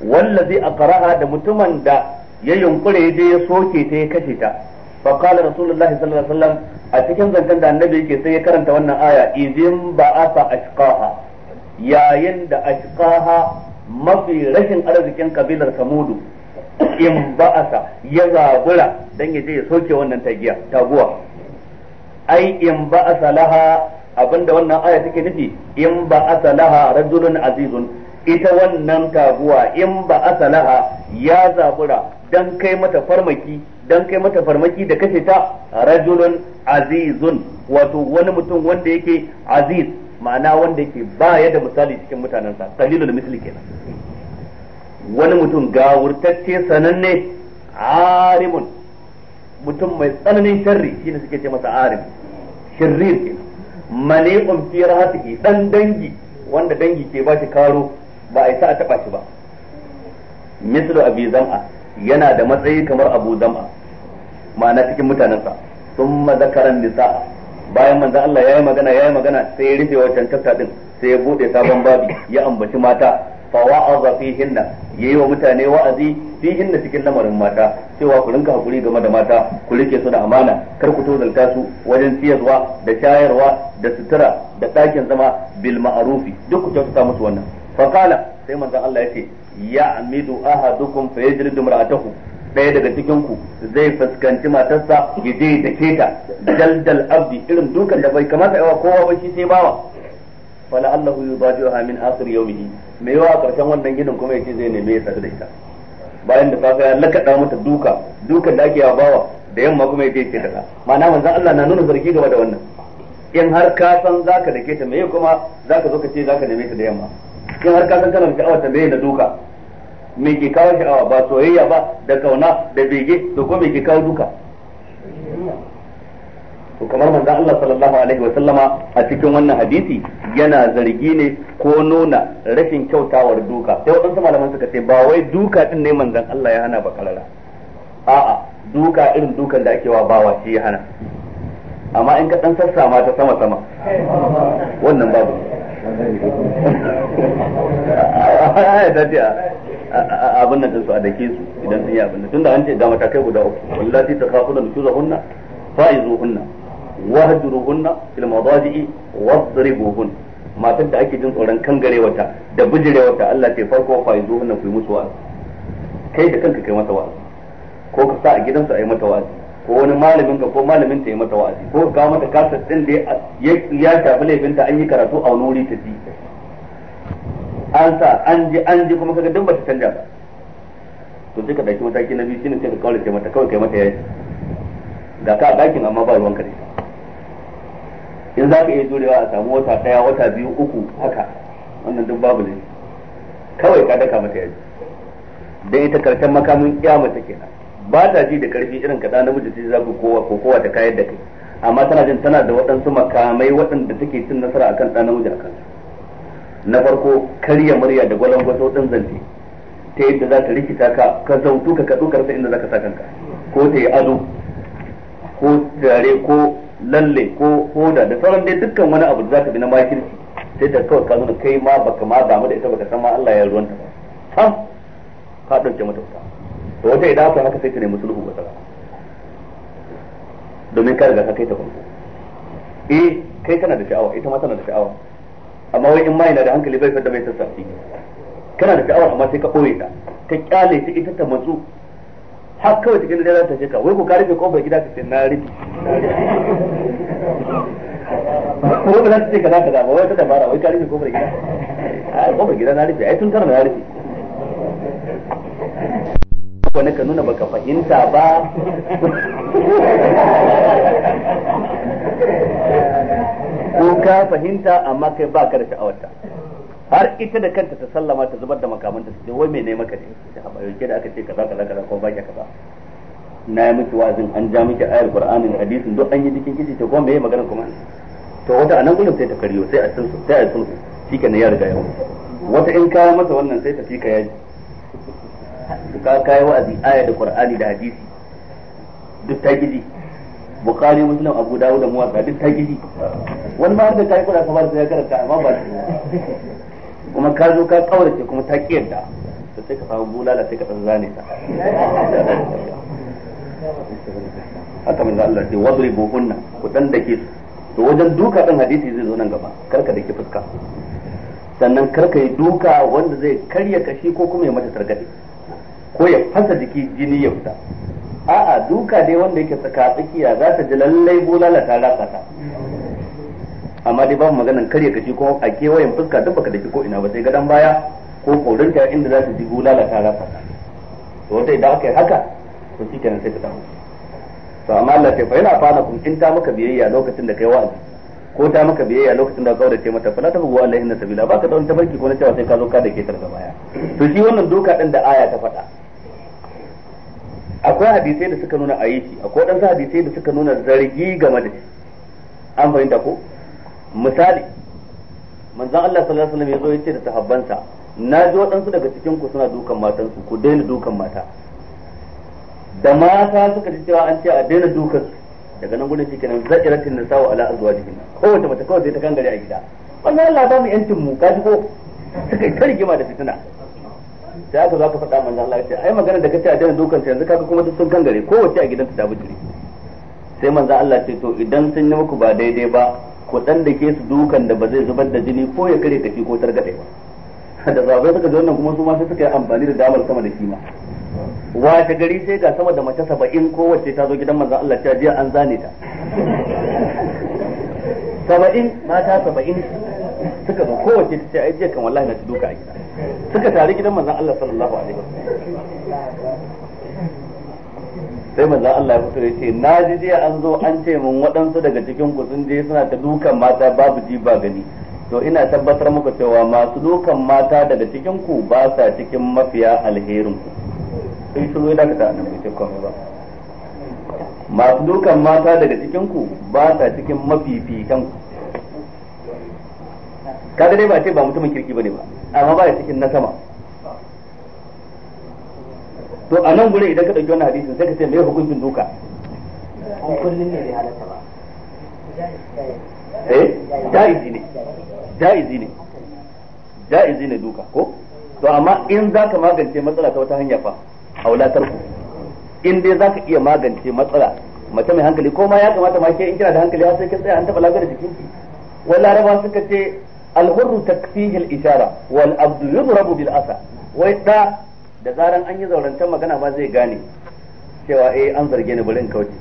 wallazi aqraha da mutumin da ya yunkure ya je ya soke ta ya kashe ta fa qala sallallahu alaihi a cikin zancen da annabi yake sai ya karanta wannan aya idin ba'asa ashqaha yayin da a ashqaha mafi rashin arzikin kabilar samudu in ba'asa ya zabura don ya ya soke wannan tagiya taguwa ai in ba'asa laha abinda wannan aya take nufi in ba'asa laha rajulun azizun ita wannan taguwa in ba'asa laha ya zabura don kai mata farmaki dan kai mata farmaki da kashe ta rajulun azizun wato wani mutum wanda yake aziz ma'ana wanda yake ba ya da misali cikin mutanensa da misli kenan wani mutum gawurtacce sananne arimun mutum mai tsananin sharri ne suke ce masa arim shirrir kenan mani'un fi rahatihi dan dangi wanda dangi ke ba shi karo ba a yi sa a taba shi ba mislu abi zam'a yana da matsayi kamar abu zam'a ma'ana cikin mutanensa sun mazakaran nisa'a bayan manzon Allah ya yi magana ya yi magana sai ya rufe wancan tafta din sai ya bude sabon babi ya ambaci mata fa wa'aza ya yi wa mutane wa'azi fihinna cikin lamarin mata cewa ku rinka hakuri game da mata ku rike su da amana kar ku tozalta su wajen ciyarwa da shayarwa da sutura da ɗakin zama bil ma'arufi duk ku kyautata musu wannan fa kala sai manzan Allah ya ce ya ya'midu ahadukum fa yajridu imra'atahu ɗaya daga cikin ku zai fuskanci matarsa ya je da ke ta daldal abdi irin dukan da bai kamata yawa kowa ba shi sai bawa fala allahu hamin min akhir yawmihi me yawa a karshen wannan gidan kuma yace zai neme ya sadu da ita bayan da safa ya lakaɗa mata duka dukan da ake yawa bawa da yamma kuma yace ce kaza ma'ana manzon Allah na nuna zargi gaba da wannan in har ka san zaka dake ta me kuma zaka zo ka ce zaka neme ta da yamma in har ka san kana da sha'awar ta me da duka me ke kawo sha'awa ba soyayya ba da kauna da bege to ko me ke kawo duka to kamar manzon Allah sallallahu alaihi wa sallama a cikin wannan hadisi yana zargi ne ko nuna rashin kyautawar duka sai wadansu malaman suka ce ba wai duka din ne manzon Allah ya hana ba karara a'a duka irin dukan da ake wa bawa shi ya hana amma in ka dan sassama ta sama sama wannan babu <laughs> ya abin nan su a dake su idan sun yi abin nan tunda an ce ga matakai guda uku wallati takhafuna nuzuzahunna fa'izuhunna hunna fil madaji'i hun matan da ake jin tsoron kangarewata da bijirewata Allah ce farko hunna ku yi musu wa'azi kai da kanka kai mata wa'azi ko ka sa a gidansu a yi mata wa'azi ko wani malamin ka ko malamin ta yi mata wa'azi ko ka mata kasar din da ya shafi laifinta an yi karatu a wani wuri ta ji an sa an ji an ji kuma kaga duk ta canja ba to sai ka dauki mataki na biyu shine sai ka kaura ce mata kawai kai mata yayi ga ka bakin amma ba ruwan kare in za ka iya jurewa a samu wata daya wata biyu uku haka wannan duk babu ne kawai ka daka mata yaji dan ita karshen makamin kiyama take kenan ba ta ji da karfi irin kaɗa namiji sai za ku kowa ko kowa ta kayar da kai amma tana jin tana da waɗansu makamai waɗanda take cin nasara akan ɗan namiji a kansu na farko karya murya da gwalangwato din zance ta yadda za ta rikita ka ka zautu ka kaɗo karsa inda za ka sa kanka ko ta yi ado ko tare ko lalle ko hoda da sauran dai dukkan wani abu da za ka bi na makirci sai ta kawai ka zo kai ma baka ma damu da ita baka san ma Allah ya ruwanta ba sam ka ɗauke mata wuta to wata idan aka haka sai ta nemi sulhu ba sala domin ka riga ka kai ta farko eh kai kana da sha'awa ita ma tana da sha'awa amma wai in ma yana da hankali bai fadda bai sassafi kana da sha'awar amma sai ka ɓoye ta ka kyale ta ita ta matsu har kawai cikin da za ta shika wai ko ka rufe kofar gida ka ce na rufe ko ba za ta ce ka kaza kaza ba wai ta dabara wai ka rufe kofar gida a kofar gida na rufe ai tun kana na rufe wani ka nuna baka fahimta ba ka fahimta amma kai ba ka da sha'awarta har ita da kanta ta sallama ta zubar da makamanta ta ce wai mai ne ka ne ta haɓa yauke da aka ce kaza kaza kaza ko ka kaza na yi miki wazin an ja miki ayar qur'anin hadisin duk an yi cikin kici ta kuma meye magana kuma to wata anan gurin sai ta karyo sai a sunsu sai a tsinsu shike ne ya riga ya wata in kawo masa wannan sai ta fika yaji ka kai wa'azi aya da qur'ani da hadisi duk ta gidi bukari muslim abu dawud da muwaka duk ta gidi wani ma da kai kuɗa kamar sai ya karanta amma ba kuma ka zo ka kaurace kuma ta ki yadda Ta sai ka samu bulala sai ka dan zane ta haka manzo Allah sai wadribu buhunna ku dan dake su to wajen duka din hadisi zai zo nan gaba karka dake fuska sannan karka yi duka wanda zai karya kashi ko kuma ya mata targaɗe ko ya fasa jiki jini ya fita a'a duka dai wanda yake tsaka tsakiya za ta ji lallai bulala ta tara ta amma dai babu maganan karya kashi ko a kewayen fuska duk baka dake ko ina ba sai gadan baya ko ta inda za ta ji bulala ta tara ta to wata idan aka yi haka to shikenan sai ta dawo to amma Allah ta fayyana fana kun kin ta maka biyayya lokacin da kai wa'azi ko ta maka biyayya lokacin da kaura ce mata fala tabu wallahi inna sabila baka da wani tabarki ko na cewa sai ka zo ka dake tarka baya to shi wannan doka din da aya ta faɗa akwai hadisai da suka nuna aiki akwai wadansu hadisai da suka nuna zargi game da shi an fahimta ko misali manzon Allah sallallahu alaihi wasallam ya zo ce da sahabbansa na ji waɗansu daga cikin ku suna dukan matansu ku daina dukan mata da mata suka ji cewa an ce a daina dukan su daga nan gudun nan za'iratin nisa wa ala azwajihin kowace mace kawai zai ta kangare a gida wannan Allah ba mu yancin mu kaji ko suka yi ta rigima da fitina sai aka zaka faɗa manzan Allah ce ai magana da kace a daina dukan sai yanzu kaga kuma duk sun kangare wace a gidanta ta bijiri sai manzan Allah ce to idan sun yi muku ba daidai ba ku dan da ke su dukan da ba zai zubar da jini ko ya kare kashi ko targaɗe ba <laughs> da zabe suka ji wannan kuma su ma sai suka yi amfani da damar sama da kima wace gari sai ga sama da mace saba'in kowace ta zo gidan manzan Allah ta jiya an zane ta <laughs> saba'in mata saba'in suka zo kowace ta ce ai jiya kan wallahi na ci duka a gida suka tare gidan manzon Allah sallallahu alaihi wasallam sai manzon Allah ya fito ya ce na ji jiya an zo an ce mun waɗansu daga cikin ku sun je suna ta dukan mata babu ji ba gani to ina tabbatar muku cewa masu dukan mata daga cikin ku ba sa cikin mafiya alherin ku sai su ya daga nan bai ce komai ba masu dukan mata daga cikin ku ba sa cikin mafifikan ku kaga dai ba ce ba mutumin kirki bane ba amma ba ya cikin na sama to a nan gure idan ka ɗauki wannan hadisin sai ka ce mai hukuncin duka an kullun ne bai halatta ba eh jaizi ne jaizi ne jaizi ne duka ko to amma in ka magance matsala ta wata hanya fa aulatar ku in dai ka iya magance matsala mace mai hankali ko ma ya kamata ma ke in kina da hankali har sai kin tsaya an taba lafiyar jikinki wala raba suka ce الحر تكفيه ishara والعبد يضرب yudrabu bil asa wai da da zaran an yi zaurantar magana ma zai gane cewa eh an zarge ni bari in kauce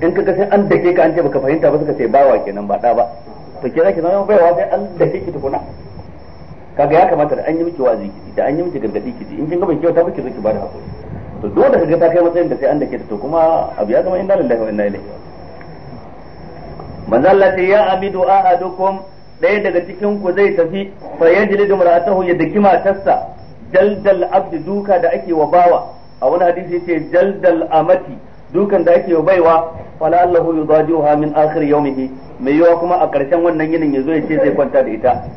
in ka sai an dake ka an ce baka fahimta ba suka ce bawa kenan ba da ba to kira ki zama baiwa sai an dake ki tukuna kaga ya kamata da an yi miki wazi ki da an yi miki gargadi ki in kin ga bai kyauta ba ki ba da bada hakuri to dole da kaga ta kai matsayin da sai an dake ta to kuma abu ya zama inna lillahi wa inna ilaihi manzo Allah ya abidu ahadukum ɗaya daga cikin ku zai tafi fa da mar'atahu ya daki matarsa jaldal abdi duka da ake wa bawa a wani hadisi yace jaldal amati dukan da ake wa baiwa fala allahu yudajuha min akhir yawmihi mai yawa kuma a ƙarshen wannan yinin yazo ya ce zai kwanta da ita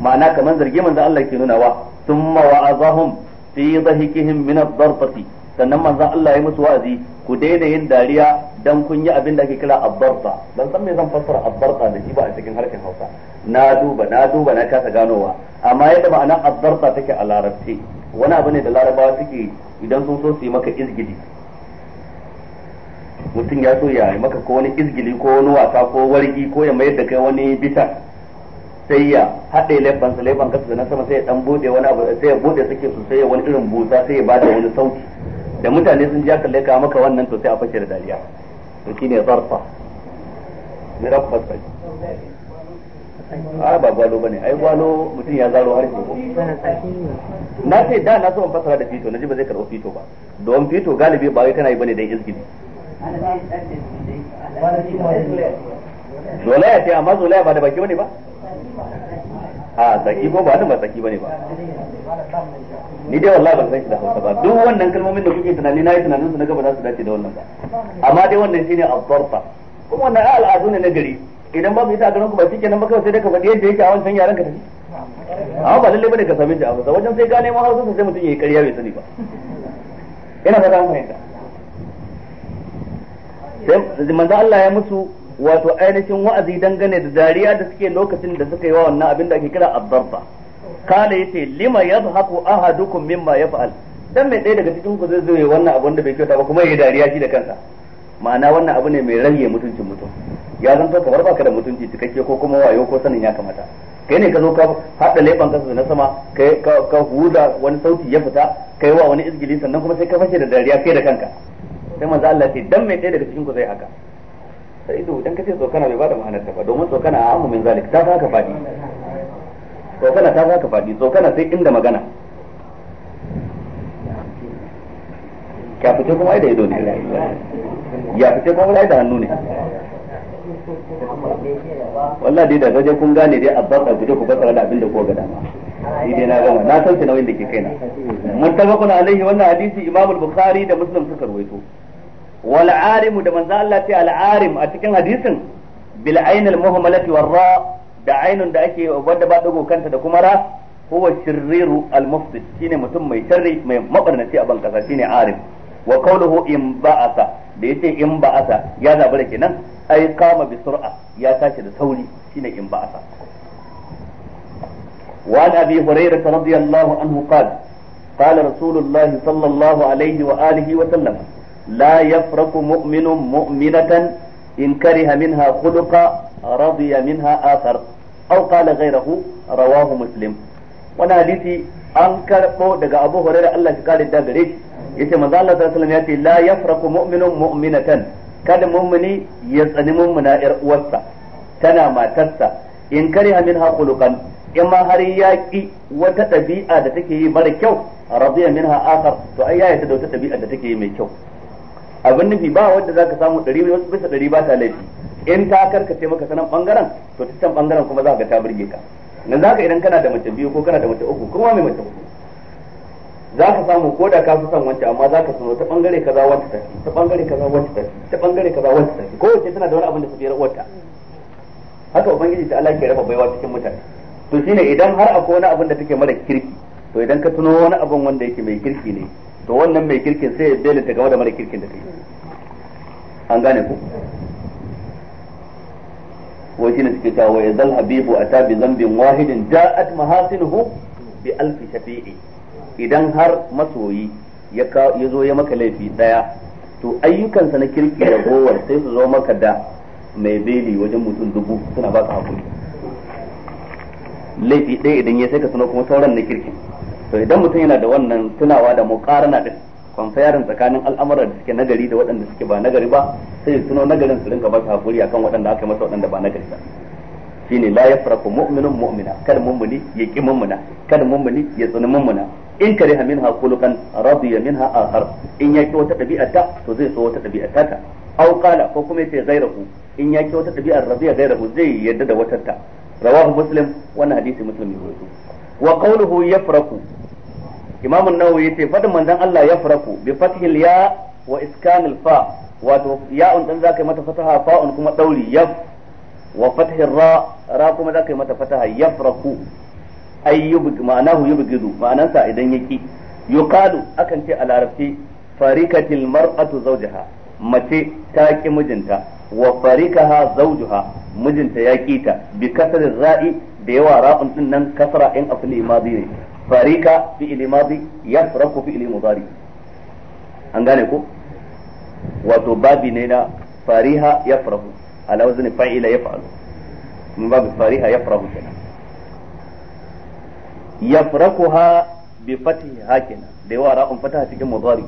ma'ana kamar zargi manzo Allah ke nuna wa thumma wa'azahum fi dhahikihim min ad-darfati sannan manzo Allah ya musu wa'azi ku daina yin dariya dan kun yi abin da ake kira abbarta ban san me zan fassara abbarta da shi ba a cikin harkin Hausa na duba na duba na kasa ganowa amma yadda ma'ana addarta take a larabci wani abu ne da larabawa suke idan sun so su yi maka izgidi mutum ya so ya yi maka ko wani izgili ko wani wasa ko wargi ko ya mayar da kai wani bita sai ya haɗe laifansa laifan kasa da na sama sai ya dan bude wani abu sai ya bude suke su sai ya wani irin busa sai ya bada wani sauti da mutane sun ji aka laika maka wannan to sai a fashe da dariya to shine zarfa ni sai a ba gwalo bane ai gwalo mutum ya zaro harshe ko na ce da na so in fasara da fito na ji ba zai karɓi fito ba don fito galibi ba wai kana yi bane dai izgidi zolaya ce amma zolaya ba da baki bane ba a zaki ko ba da ba zaki bane ba ni dai wallahi ban san shi da Hausa ba duk wannan kalmomin da kuke tunani na yi tunanin su na gaba za su dace da wannan ba amma dai wannan shine abbarta kuma wannan al'adu ne na gari idan babu ita a garin ku ba nan ba kawai sai dai ka faɗi yadda yake a wancan yaran ka tafi amma ba lallai bane ka same shi a Hausa wajen sai ka nemo Hausa sai mutum yayi ƙarya bai sani ba ina fata mun fahimta sai manzo Allah ya musu wato ainihin wa'azi dangane da dariya da suke lokacin da suka yi wa wannan abin da ake kira addarba kala yace lima yadhaku ahadukum mimma yaf'al dan mai ɗaya daga cikin ku zai zo wannan abin da bai kyauta ba kuma yayi dariya shi da kansa ma'ana wannan abu ne mai rage mutuncin mutum ya zan fa kamar baka da mutunci cikakke ko kuma wayo ko sanin ya kamata kai ne ka zo ka hada leban kasa na sama kai ka huda wani sauti ya fita kai wa wani izgili sannan kuma sai ka fashe da dariya kai da kanka sai manzo Allah sai dan mai tsaye daga cikin ku zai haka sai to dan kace tsokana bai bada ma'anar ta ba domin tsokana a amu min zalik ta haka fadi tsokana ta haka fadi tsokana sai inda magana ya fice kuma ai da ido ne ya fice kuma ai da hannu ne wallah dai da gaje kun gane dai abba ba dai ku fasara da abin da ko ga dama ni dai na gama na san nauyin da ke kaina muttafaqun alaihi wannan hadisi imamu bukhari da muslim suka rawaito wal alim da manzo Allah ta al alim a cikin hadisin bil al muhammalati war ra da ainun da ake wadda ba dago kanta da kuma ra huwa shirriru al mufsid shine mutum mai sharri mai mabarnaci a ban kasa shine alim wa qawluhu in ba'atha da ya yace in ba'asa ya zabi da kenan ai kama bi ya tashi da sauri shine in ba asa wa abi hurairah radiyallahu anhu qala qala rasulullahi sallallahu alaihi wa alihi wa sallam لا يفرق مؤمن مؤمنة إن كره منها خلق رضي منها آخر أو قال غيره رواه مسلم وانا ليتي أنكر أبو هريرة الله قال الدابريش yace manzo Allah sallallahu alaihi wasallam yace la yafraku mu'minun mu'minatan kada mu'mini ya tsani mu'mina yar uwarsa tana matarsa in kariha minha khuluqan in ma har ya ki wata ɗabi'a da take yi mara kyau radiya minha akhar to ai ya da wata ɗabi'a da take yi mai kyau abin nufi ba wanda zaka samu wasu bisa ɗari ba ta laifi in ta karkace maka sanan bangaren to ta can bangaren kuma za ka ta burge ka nan zaka idan kana da mace biyu ko kana da mace uku kuma mai mace uku za ka samu ko da ka fi son wancan amma za ka tuno ta bangare kaza wancan ta ta bangare kaza wancan ta ta bangare kaza wancan ta ko wace tana da wani abin da tafi uwarta haka ubangiji ta Allah ke raba baiwa cikin mutane to shine idan har akwai wani abin da take mara kirki to idan ka tuno wani abin wanda yake mai kirki ne to wannan mai kirkin sai ya bela ta game da mara kirkin da kai an gane ku wai da suke cewa wa idhal habibu ata bi dhanbin wahidin ja'at mahasinuhu bi alfi shafi'i idan har masoyi ya zo ya maka laifi daya to ayyukansa na kirki da gowar sai su zo maka da mai beli wajen mutum dubu suna baka hakuri laifi ɗaya idan ya sai ka suna kuma sauran na kirki to idan mutum yana da wannan tunawa da muqarana din kwamfayarin tsakanin al'amuran da suke nagari da waɗanda suke ba nagari ba sai su tuno nagarin su rinka baka su hakuri akan waɗanda aka yi masa waɗanda ba nagari ba shine la yafraku mu'minun mu'mina kada mummuni ya ki mummuna kada mummuni ya tsani mummuna in kariha minha khuluqan radiya minha akhar in yaki wata dabi'ata to zai so wata dabi'ata ta aw qala ko kuma yace ghairahu in yaki wata dabi'ar radiya ghairahu zai yadda da wata ta rawahu muslim wannan hadisi muslim ya rawaito wa qawluhu yafraku imam an-nawawi yace fadin manzon Allah yafraku bi fathil ya wa iskanil fa wato ya'un dan zakai mata fataha fa'un kuma dauri yaf wa fathi ra ra kuma zaka yi mata fataha yafraku ay yubg ma'anahu yubgidu ma'anansa idan yaki yuqalu akan ce a larabci farikatil mar'atu zawjaha mace ta ƙi mijinta wa farikaha zawjuha mijinta ya ki ta bi kasarin ra'i da yawa ra'un din nan kasra in afli madi ne farika fi ilimadi yafraku fi wato babi ne na fariha yafraku ala wazni fa'ila yaf'al min babu fariha yafrahu kenan yafrakuha bi fathiha kenan da yawa ra'un fataha cikin mudari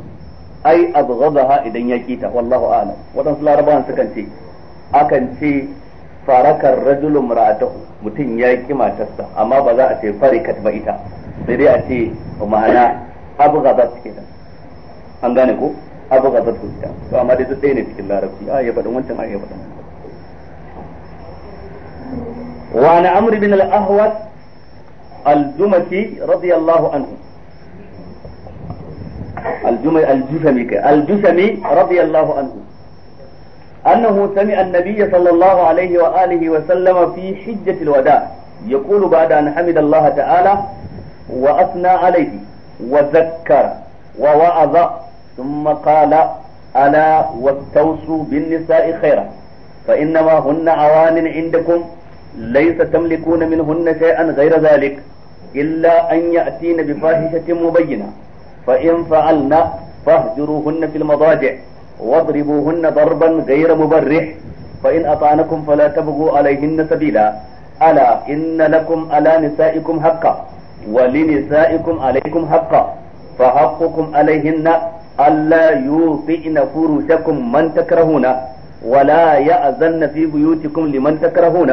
ai abghadaha idan ya kita wallahu a'lam wadansu larabawan sukan ce akan ce farakar rajulun ra'atahu mutum ya ki matarsa amma ba za a ce farikat ba ita sai dai a ce ma'ana abghadat kenan an gane ko abghadat kenan to amma dai duk ɗaya ne cikin larabci a ya faɗin wancan وعن عمرو بن الأهوت الجمكي رضي الله عنه الجثمي الجثمي رضي الله عنه أنه سمع النبي صلى الله عليه وآله وسلم في حجة الوداع يقول بعد أن حمد الله تعالى وأثنى عليه وذكر ووعظ ثم قال ألا واستوصوا بالنساء خيرا فإنما هن عوان عندكم ليس تملكون منهن شيئا غير ذلك إلا أن يأتين بفاحشة مبينة فإن فعلنا فاهجروهن في المضاجع واضربوهن ضربا غير مبرح فإن أطعنكم فلا تبغوا عليهن سبيلا ألا إن لكم على نسائكم حقا ولنسائكم عليكم حقا فحقكم عليهن ألا يوطئن فروشكم من تكرهون ولا يأذن في بيوتكم لمن تكرهون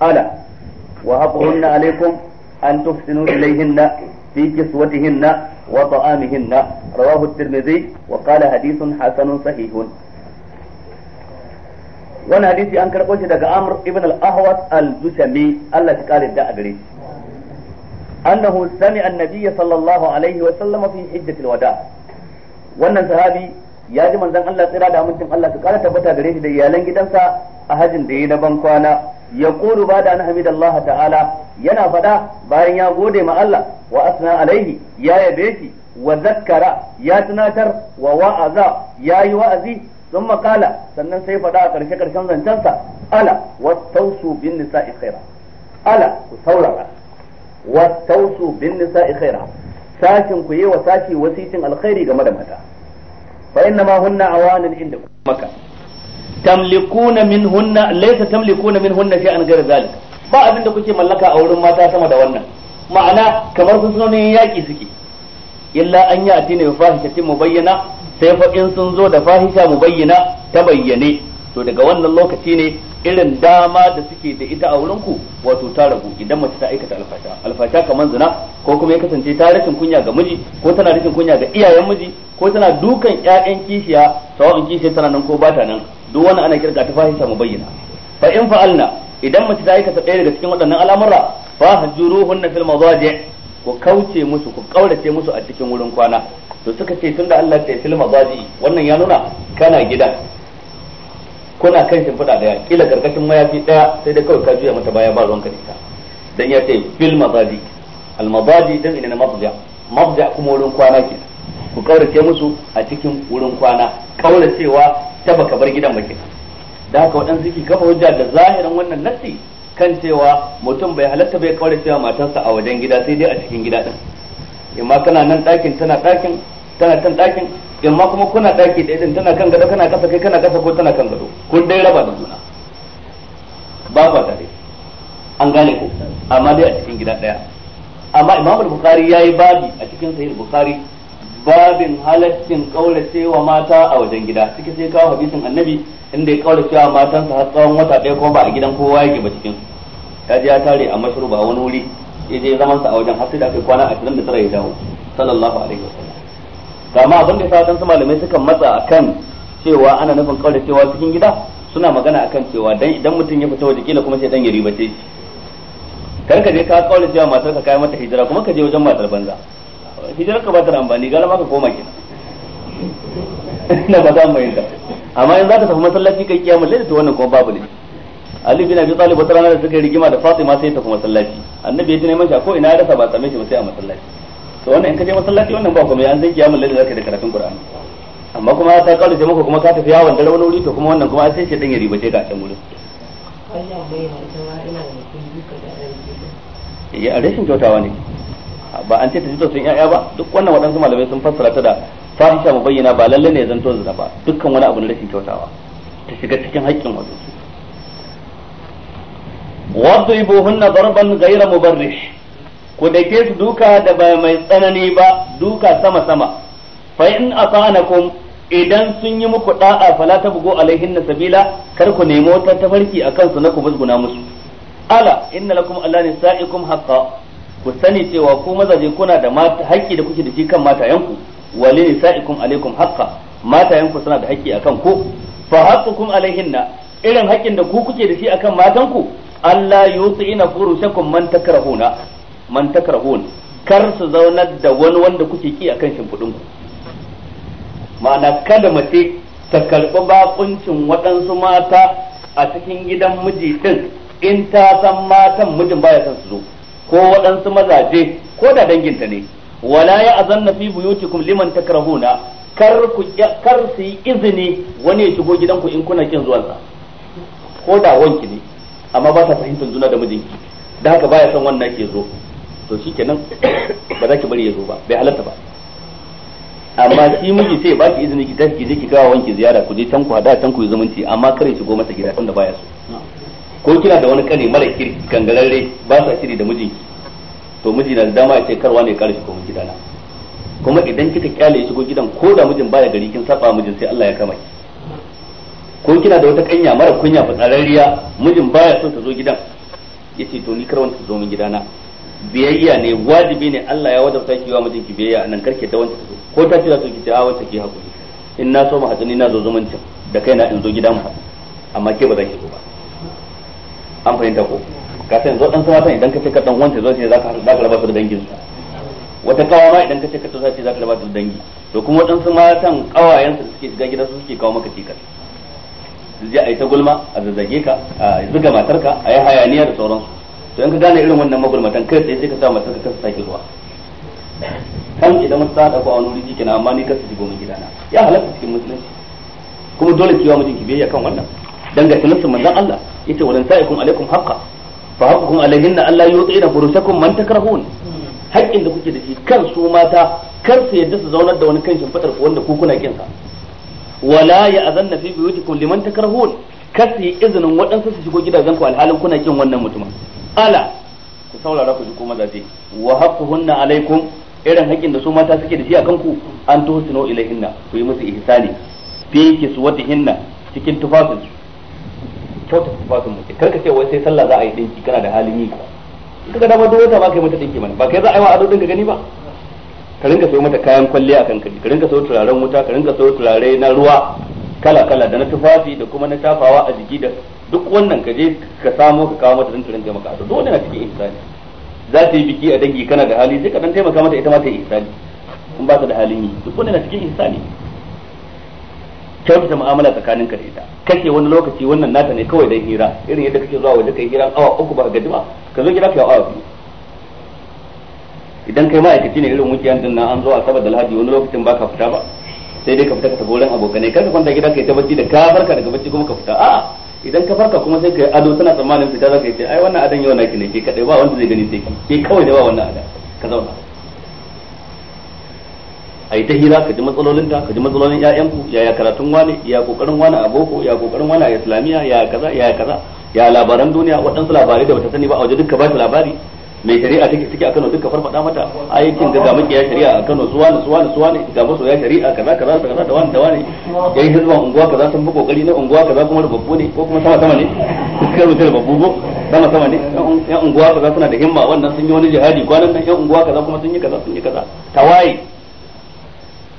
ala wa haquhunna alaikum an tuhsinu ilayhinna fi kiswatihinna wa ta'amihinna rawahu at-tirmidhi wa qala hadithun hasanun sahihun wannan hadisi an karbo shi daga Amr ibn al-Ahwas al-Zushami Allah ya kare da a annahu sallallahu alaihi wa fi wannan sahabi ya ji manzon Allah tsira da mutum Allah su kara tabbata gare shi da iyalan gidansa a hajin da yi na ban kwana ya yaqulu ba'da an hamidallahi ta'ala yana fada bayan ya gode ma Allah wa asna alaihi ya yabe shi wa zakkara ya tunatar wa wa'aza ya yi wa'azi ثم قال sannan sai fada a karshe karshen zancensa ala wastausu bin nisa'i khaira ala ku saurara wastausu bin nisa'i khaira sashin ku yi wa sashi wasicin alkhairi game da mata fa inna ma hunna awanin inda maka tamlikuna minhunna laysa tamlikuna minhunna shay'an ghayra zalik ba abin da kuke mallaka a wurin mata sama da wannan ma'ana kamar sun yin yaki suke illa an yi atina bi fahishatin mubayyana sai fa in sun zo da fahisha mubayyana ta bayyane to daga wannan lokaci ne irin dama da suke da ita a wurin ku wato ta ragu idan mace ta aikata alfasha alfasha kamar zina ko kuma ya kasance ta rashin kunya ga miji ko tana rashin kunya ga iyayen miji ko tana dukan ƴaƴan kishiya sawa'un kishiya tana nan ko bata nan duk wannan ana kirga ta mu bayyana fa in fa'alna idan mace ta aikata ɗaya daga cikin waɗannan al'amura fa hajuruhunna fil mazaji ku kauce musu ku kaurace musu a cikin wurin kwana to suka ce da Allah ya fil mazaji wannan ya nuna kana gida kuna kan shimfiɗa daya kila karkashin mayafi daya sai da kawai ka juya mata baya ba ruwan ka dan ya ce fil mazaji al mazaji dan ina na mafja mafja kuma wurin kwana ke ku kaurace musu a cikin wurin kwana kauracewa ta baka bar gidan baki da haka waɗansu suke kafa hujja da zahirin wannan nassi kan cewa mutum bai halatta bai kawar cewa matarsa a wajen gida sai dai a cikin gida din imma kana nan ɗakin tana ɗakin tana kan ɗakin imma kuma kuna ɗaki ɗaya din tana kan gado kana kasa kai kana kasa ko tana kan gado kun dai raba da juna ba ba tare an gane ko amma dai a cikin gida ɗaya amma imamul bukhari yayi babi a cikin sahih bukhari babin halaccin kaulace wa mata a wajen gida suka sai kawo hadisin annabi inda ya kaulace wa matansa har tsawon wata ɗaya kuma ba a gidan kowa yake ba cikin ta ya tare a mashruba wani wuri ya je zaman sa a wajen har sai da aka kwana 29 ya dawo sallallahu alaihi wasallam amma abin da sa sama malamai sukan matsa akan cewa ana nufin kaulacewa cikin gida suna magana akan cewa dan idan mutum ya fita waje kila kuma sai dan ya ribace shi kar ka je ka matar matarka kai mata hijira kuma ka je wajen matar banza hijirar ka ba ta da amfani gara ba ka koma ke na ba za mu yanda amma za ka tafi masallaci kai kiyama layl to wannan kuma babu ne Ali bin Abi Talib wata rana da suka rigima da Fatima sai ta tafi masallaci annabi ya ji neman shi ko ina ya rasa ba same shi ba sai a masallaci to wannan in ka je masallaci wannan ba kuma an san kiyamul layl zaka da karatun Qur'ani amma kuma ta kawo maka kuma ka tafi yawon dare wani wuri to kuma wannan kuma sai shi dan ya ce ka a can wurin ya eh, a rashin kyautawa ne ba an ce ta fito sun yaya ba duk wannan waɗansu malamai sun fassara ta da fahisha mu bayyana ba lalle ne zanto zina ba dukkan wani abu na rashin kyautawa ta shiga cikin haƙƙin wasu wadribuhunna darban mu mubarrish ku dake su duka da ba mai tsanani ba duka sama sama fa in ata'anakum idan sun yi muku da'a fala ta alaihin na sabila kar ku nemo ta tafarki a kansu na ku musguna musu ala inna lakum alla sa'ikum haqqan ku sani cewa ku mazaje kuna da haƙƙi da kuke da shi kan matayenku wali nisaikum alaikum haqqa matayenku suna da haƙƙi akan ku fa haqqukum alaihinna irin haƙƙin da ku kuke da shi akan matanku Allah yuti'ina furushakum man takrahuna man takrahun kar su zaunar da wani wanda kuke ki akan shimfudin ku ma'ana kada mace ta karɓi bakuncin waɗansu mata a cikin gidan miji din in ta san matan mijin baya son su zo ko waɗansu mazaje ko da danginta ne wala ya azanna fi buyutikum liman takrahuna kar ku kar su yi izini wani ya shigo gidanku in kuna kin zuwansa ko da wanki ne amma ba ta fahimtar juna da mijinki da haka baya san wannan ke zo to shikenan ba za ki bari ya zo ba bai halarta ba amma shi miji sai ba ki izini ki tafi ki je ki kawo wanki ziyara ku je can ku hada can ku yi zumunci amma kar ya shigo masa gida tunda baya so ko kina da wani kane mara kirki kangararre ba sa shiri da mijinki to miji na dama ya ce karwa ne ya kare shi kuma gidana kuma idan kika kyale shigo gidan ko da mijin baya gari kin saba mijin sai Allah ya kama ki ko kina da wata kanya mara kunya fitsararriya mijin baya son ta zo gidan yace to ni karwan ta zo min gidana biyayya ne wajibi ne Allah ya wajabta ki wa mijinki biyayya nan karke da wanda ko ta ce za ki ce a ah, wacce ki hakuri in na so mu hadani na zo zumuncin da kaina in zo gidan mu amma ke ba za ki zo ba an fahimta ko ka san zo dan sama idan ka ce ka dan wance zo ce zaka zaka raba su da dangin su wata kawa ma idan ka ce ka tsosa ce zaka raba su da dangi to kuma su matan kawayen su suke shiga gidan su suke kawo maka cikas su je a yi ta gulma a zazzage ka a zuga matarka a yi hayaniya da sauransu to in ka gane irin wannan magulmatan kai tsaye sai ka sa matarka ka sake zuwa kan idan mutum ta ko a wani wuri kenan amma ni kasa shigo mun gidana ya halatta cikin musulunci kuma dole kiwa mijinki biyayya kan wannan dan ga tilasta manzon Allah yace wa lansa'ikum alaikum haqqa fa haqqukum an la yuti'na furusakum man takrahun haƙƙin da kuke da shi kan su mata kar su yadda su zaunar da wani kan shimfidar ku wanda ku kuna kin sa wala ya azanna fi buyutikum liman takrahun kar su yi izinin waɗansu su shigo gidajen ku alhalin kuna kin wannan mutumin ala ku saurara ku ji ko mazaje wa haqquhunna alaikum irin haƙƙin da su mata suke da shi a ku an tuhsinu ilayhinna ku yi musu ihsani fi hinna cikin tufafinsu kyauta tufafin mace kar ka ce wai sai sallah za a yi dinki kana da halin yi ka ka dama duk wata ba kai mata dinki mana ba kai za a yi wa ado dinka gani ba ka rinka sayo mata kayan kwalliya akan kaji ka rinka sayo turaren wuta ka rinka sayo turare na ruwa kala kala da na tufafi da kuma na shafawa a jiki da duk wannan ka je ka samo ka kawo mata dinki rinka maka ado duk wannan na cikin ihsani za ta yi biki a dangi kana da hali sai ka dan taimaka mata ita ma ta yi ihsani in ba ta da halin yi duk wannan na cikin ihsani kyautata mu'amala tsakanin ka da ita kake wani lokaci wannan nata ne kawai dan hira irin yadda kake zuwa waje kai hiran awa uku ba ka gaji ba ka zo gida ka awa biyu idan kai ma'aikaci ne irin wukiyan din nan an zo a sabar da lahadi wani lokacin ba ka fita ba sai dai ka fita ka tafi wurin abokanai kar ka kwanta gida kai ta bacci da ka farka daga bacci kuma ka fita a idan ka farka kuma sai ka ado tana tsammanin fita za ka yi ai wannan adan yau na ki ne ke kadai ba wanda zai gani sai ki ke kawai da ba wannan adan ka zauna ai ta hira ka ji matsalolin ta ka ji matsalolin ƴaƴan ku yaya karatun wani ya kokarin wani a boko ya kokarin wani a islamiya ya kaza ya kaza ya labaran duniya waɗansu labarai da bata sani ba a waje duka ba labari mai shari'a take take a Kano duka farfada mata kin ga gamin ya shari'a a Kano su wani su wani su wani ga musu ya shari'a kaza kaza kaza da wani da wani yayin hizban unguwa kaza sun bi kokari ne unguwa kaza kuma da babbu ne ko kuma sama sama ne kai mutum da babbu ko sama sama ne yan unguwa kaza suna da himma wannan sun yi wani jihadi kwanan nan yan unguwa kaza kuma sun yi kaza sun yi kaza tawaye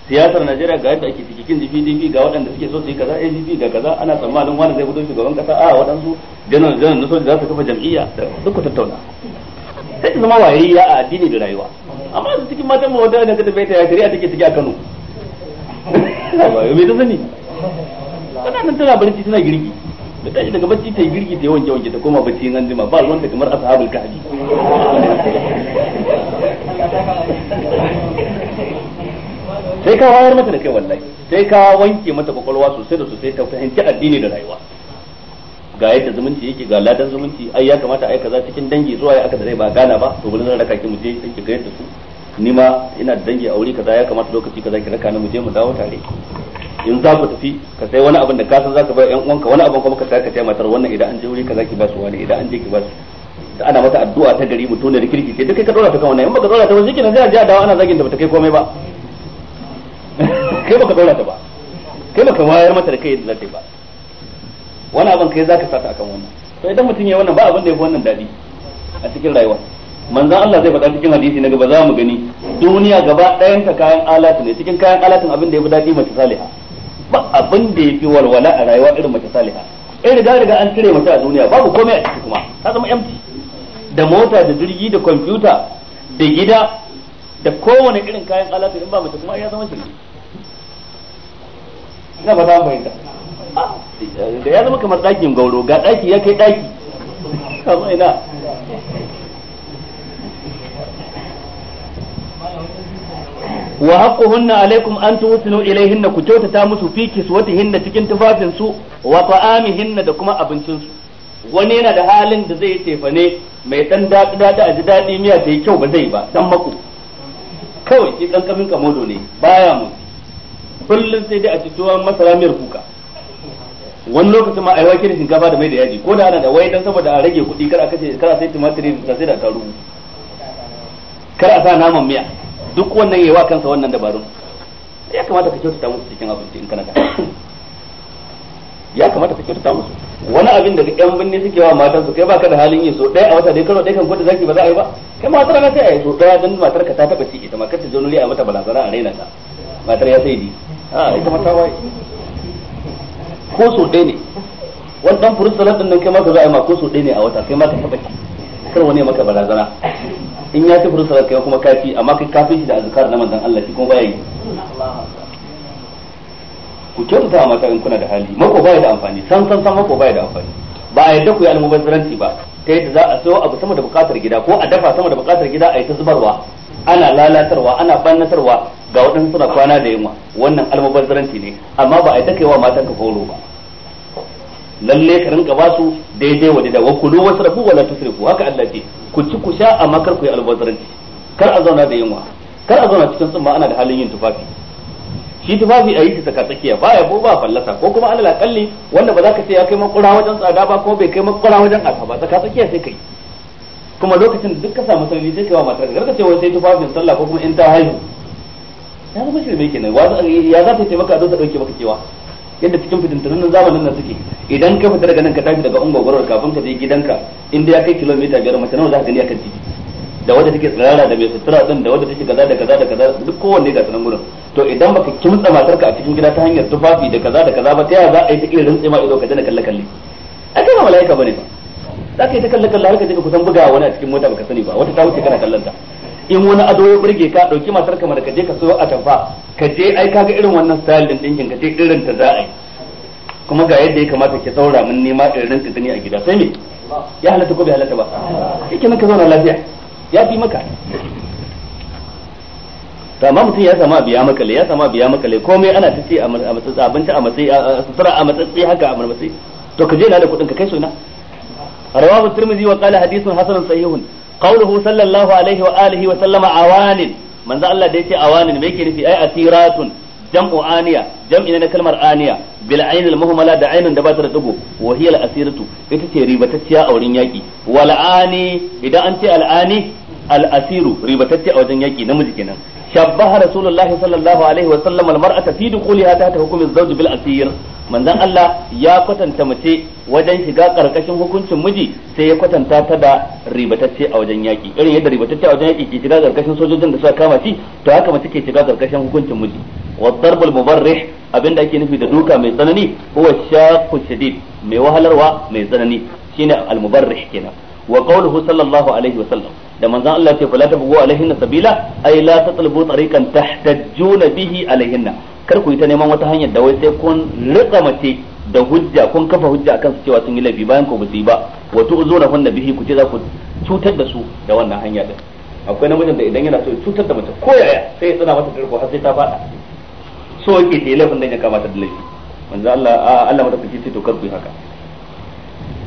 siyasar Najeriya ga yadda ake ciki kin DPDP ga waɗanda suke so su yi kaza ADP ga kaza ana tsammanin wani zai fito shugaban kasa a waɗansu janar janar na soja za su kafa jam'iyya duk ku tattauna sai ki zama wayayya a addini da rayuwa amma su cikin matan mu wanda ka tafi ta ya shari'a take ciki a Kano me ta sani kana nan tana barci tana girki da tashi daga bacci ta yi girki ta yi wanke wanke ta koma bacci nan jima ba ruwanta kamar ashabul kahfi sai ka wayar mata da kai wallahi sai ka wanke mata kwakwalwa sosai da sosai ta fahimci addini da rayuwa ga yadda zumunci yake ga ladan zumunci ai ya kamata ai kaza cikin dangi zuwa ya aka da ba gana ba to gurin zan raka ki mu je ki ga yadda su ni ma ina da dangi aure kaza ya kamata lokaci kaza ki raka ni mu je mu dawo tare in za ku tafi ka sai wani abin da ka san zaka bai yan uwanka wani abin kuma ka sai ka taya matar wannan idan an je wuri kaza ki ba su wani idan an je ki ba su da ana mata addu'a ta gari mutum da kirki sai duka ka dora ta kan wannan in baka dora ta ba shikenan sai a je a dawo ana zagin da bata kai komai ba kai baka daura ta ba kai baka wayar mata da kai da zai ba wani abin kai zaka sata akan wannan to idan mutum ya wannan ba abin da yafi wannan dadi a cikin rayuwa manzon Allah zai faɗa cikin hadisi na gaba za mu gani duniya gaba ɗayan ta kayan alatu ne cikin kayan alatun abin da yafi dadi mace saliha ba abin da yafi walwala a rayuwa irin mace saliha in riga riga an cire mace a duniya babu komai a ciki kuma ta zama empty da mota da jirgi da kwamfuta da gida da kowane irin kayan alatu in ba mace kuma ya zama jirgi. na ba za mu da ya zama kamar ɗakin gauro ga ɗaki ya kai ɗaki amma ina wa haqquhunna alaykum an tuhsinu ilayhinna ku kyautata musu fi kiswatihinna cikin tufafin su wa ta'amihinna da kuma abincin su wani yana da halin da zai tefane mai dan daɗi daɗi a ji daɗi miya da kyau ba zai ba dan mako kawai shi kamin kamodo ne baya mutu kullum sai dai a ci tuwon masara miyar kuka wani lokacin ma a yi wake da shinkafa da mai da yaji ko da ana da wai dan saboda a rage kuɗi kar a kace kar a sai tumatiri da sai da karu kar a sa naman miya duk wannan yayi wa kansa wannan dabarun ya kamata ka kyautata musu cikin abinci in kana da ya kamata ka kyautata musu wani abin da yan binne suke wa matan su kai baka da halin yi so ɗaya a wata dai karo ɗaya kan gwada zaki ba za a yi ba kai matar na sai a yi so ɗaya dan matar ka ta taba ci ita ma kar ta zo a mata balazara a raina ta matar ya sai di a ah, ita ko ɗaya ne wani dan furut salat din nan kai ma ka za a yi ma ko so ɗaya ne a wata kai ma ka taɓa ki kar wani maka barazana in ya ci furut salat kai kuma kafi amma kai kafi shi da azkar na manzon Allah shi kuma baya yi ku kyautata a mata in kuna da hali mako baya da amfani san san san mako baya da amfani ba a yadda ku yi almubazzaranci ba ta yadda za a sayo abu sama da bukatar gida ko a dafa sama da bukatar gida a yi ta zubarwa ana lalatarwa ana bannatarwa ga waɗansu suna kwana da yunwa wannan almubazzaranci ne amma ba a yi wa matan ka horo ba lalle ka rinka ba su daidai wa daidai wa kulu wasrafu wala tusrifu haka Allah ce ku ci ku sha amma kar ku yi almubazzaranci kar a zauna da yunwa kar a zauna cikin tsumma ana da halin yin tufafi shi tufafi a yi ta saka tsakiya ba ya ba fallasa ko kuma alal akalli wanda ba za ka ce ya kai makura wajen tsada ba ko bai kai makura wajen arha ba saka tsakiya sai kai kuma lokacin da duk ka samu sarari sai kai wa matar ka ce sai tufafin sallah ko kuma in ta haihu ta zama shirme kenan wa ya za ta taimaka zo ta dauke maka cewa yadda cikin fitintunan nan zamanin nan suke idan ka fita daga nan ka tafi daga ungwagwarar kafin ka je gidanka inda ya kai kilomita biyar mace nawa za ka gani akan ciki da wadda take tsirara da mai sutura din da wadda take kaza da kaza da kaza duk kowanne ga sanan gurin to idan baka kimtsa matarka a cikin gida ta hanyar tufafi da kaza da kaza ba ta yaya za a yi ta irin tsima ido ka dana kalle kalle a kai ba mala'ika bane ba za ka yi ta kalle kalle har ka je ka kusan buga wani a cikin mota baka sani ba wata ta wuce kana kallon ta in wani ado ya burge ka dauki matar ka da ka je ka so a tafa ka je ai kaga irin wannan style din dinkin ka je irin ta za a yi kuma ga yadda ya kamata ki saura min nema irin rinka gani a gida sai me ya halatta ko bai halatta ba yake nan ka zauna lafiya ya fi maka to amma mutum ya sama biya makale ya sama biya makale komai ana ta ce a matsatsi abinci a matsayi sutura a matsatsi haka a marmatsi to ka je na da kudin ka kai suna mutum zai wa qala hadithun hasanun sahihun qawluhu sallallahu alaihi wa alihi wa sallama awanin manzo Allah da yace awanin me yake nufi ai asiratun jam'u aniya jam'i na kalmar aniya bil ainil muhmala da ainin da ba ta da dugo wa hiya al asiratu ita ce ribatacciya a wurin yaki wal ani idan an ce al ani al asiru ribatacce a wajen yaki namiji kenan shabbaha rasulullahi sallallahu alaihi wa sallam almar'ata fi dukhuliha ta ta hukumin zawj bil asir manzon Allah ya kwatanta mace wajen shiga karkashin hukuncin miji sai ya kwatanta ta da ribatacce a wajen yaki irin yadda ribatacce a wajen yaki ke shiga karkashin sojojin da suka kama shi to haka mace ke shiga karkashin hukuncin miji wa darbul mubarrih abinda ake nufi da duka mai tsanani huwa shaqqu shadid mai wahalarwa mai tsanani shine al mubarrih kenan wa qawluhu sallallahu alaihi wa sallam da manzon Allah ce fala tabghu alaihinna sabila ay la tatlubu tariqan tahtajjuna bihi alaihinna kar ku yi ta neman wata hanyar da wai sai kun rika mace da hujja kun kafa hujja akan su cewa sun yi laifi bayan ku ba su yi ba wa tu'zuna hunna bihi ku ce za ku cutar da su da wannan hanya din akwai namijin da idan yana so ya cutar da mace ko ya sai ya tsana mata tarko har sai ta fada so ke ta yi laifin dan ya kamata da laifi manzo Allah Allah mata kace to kar ku yi haka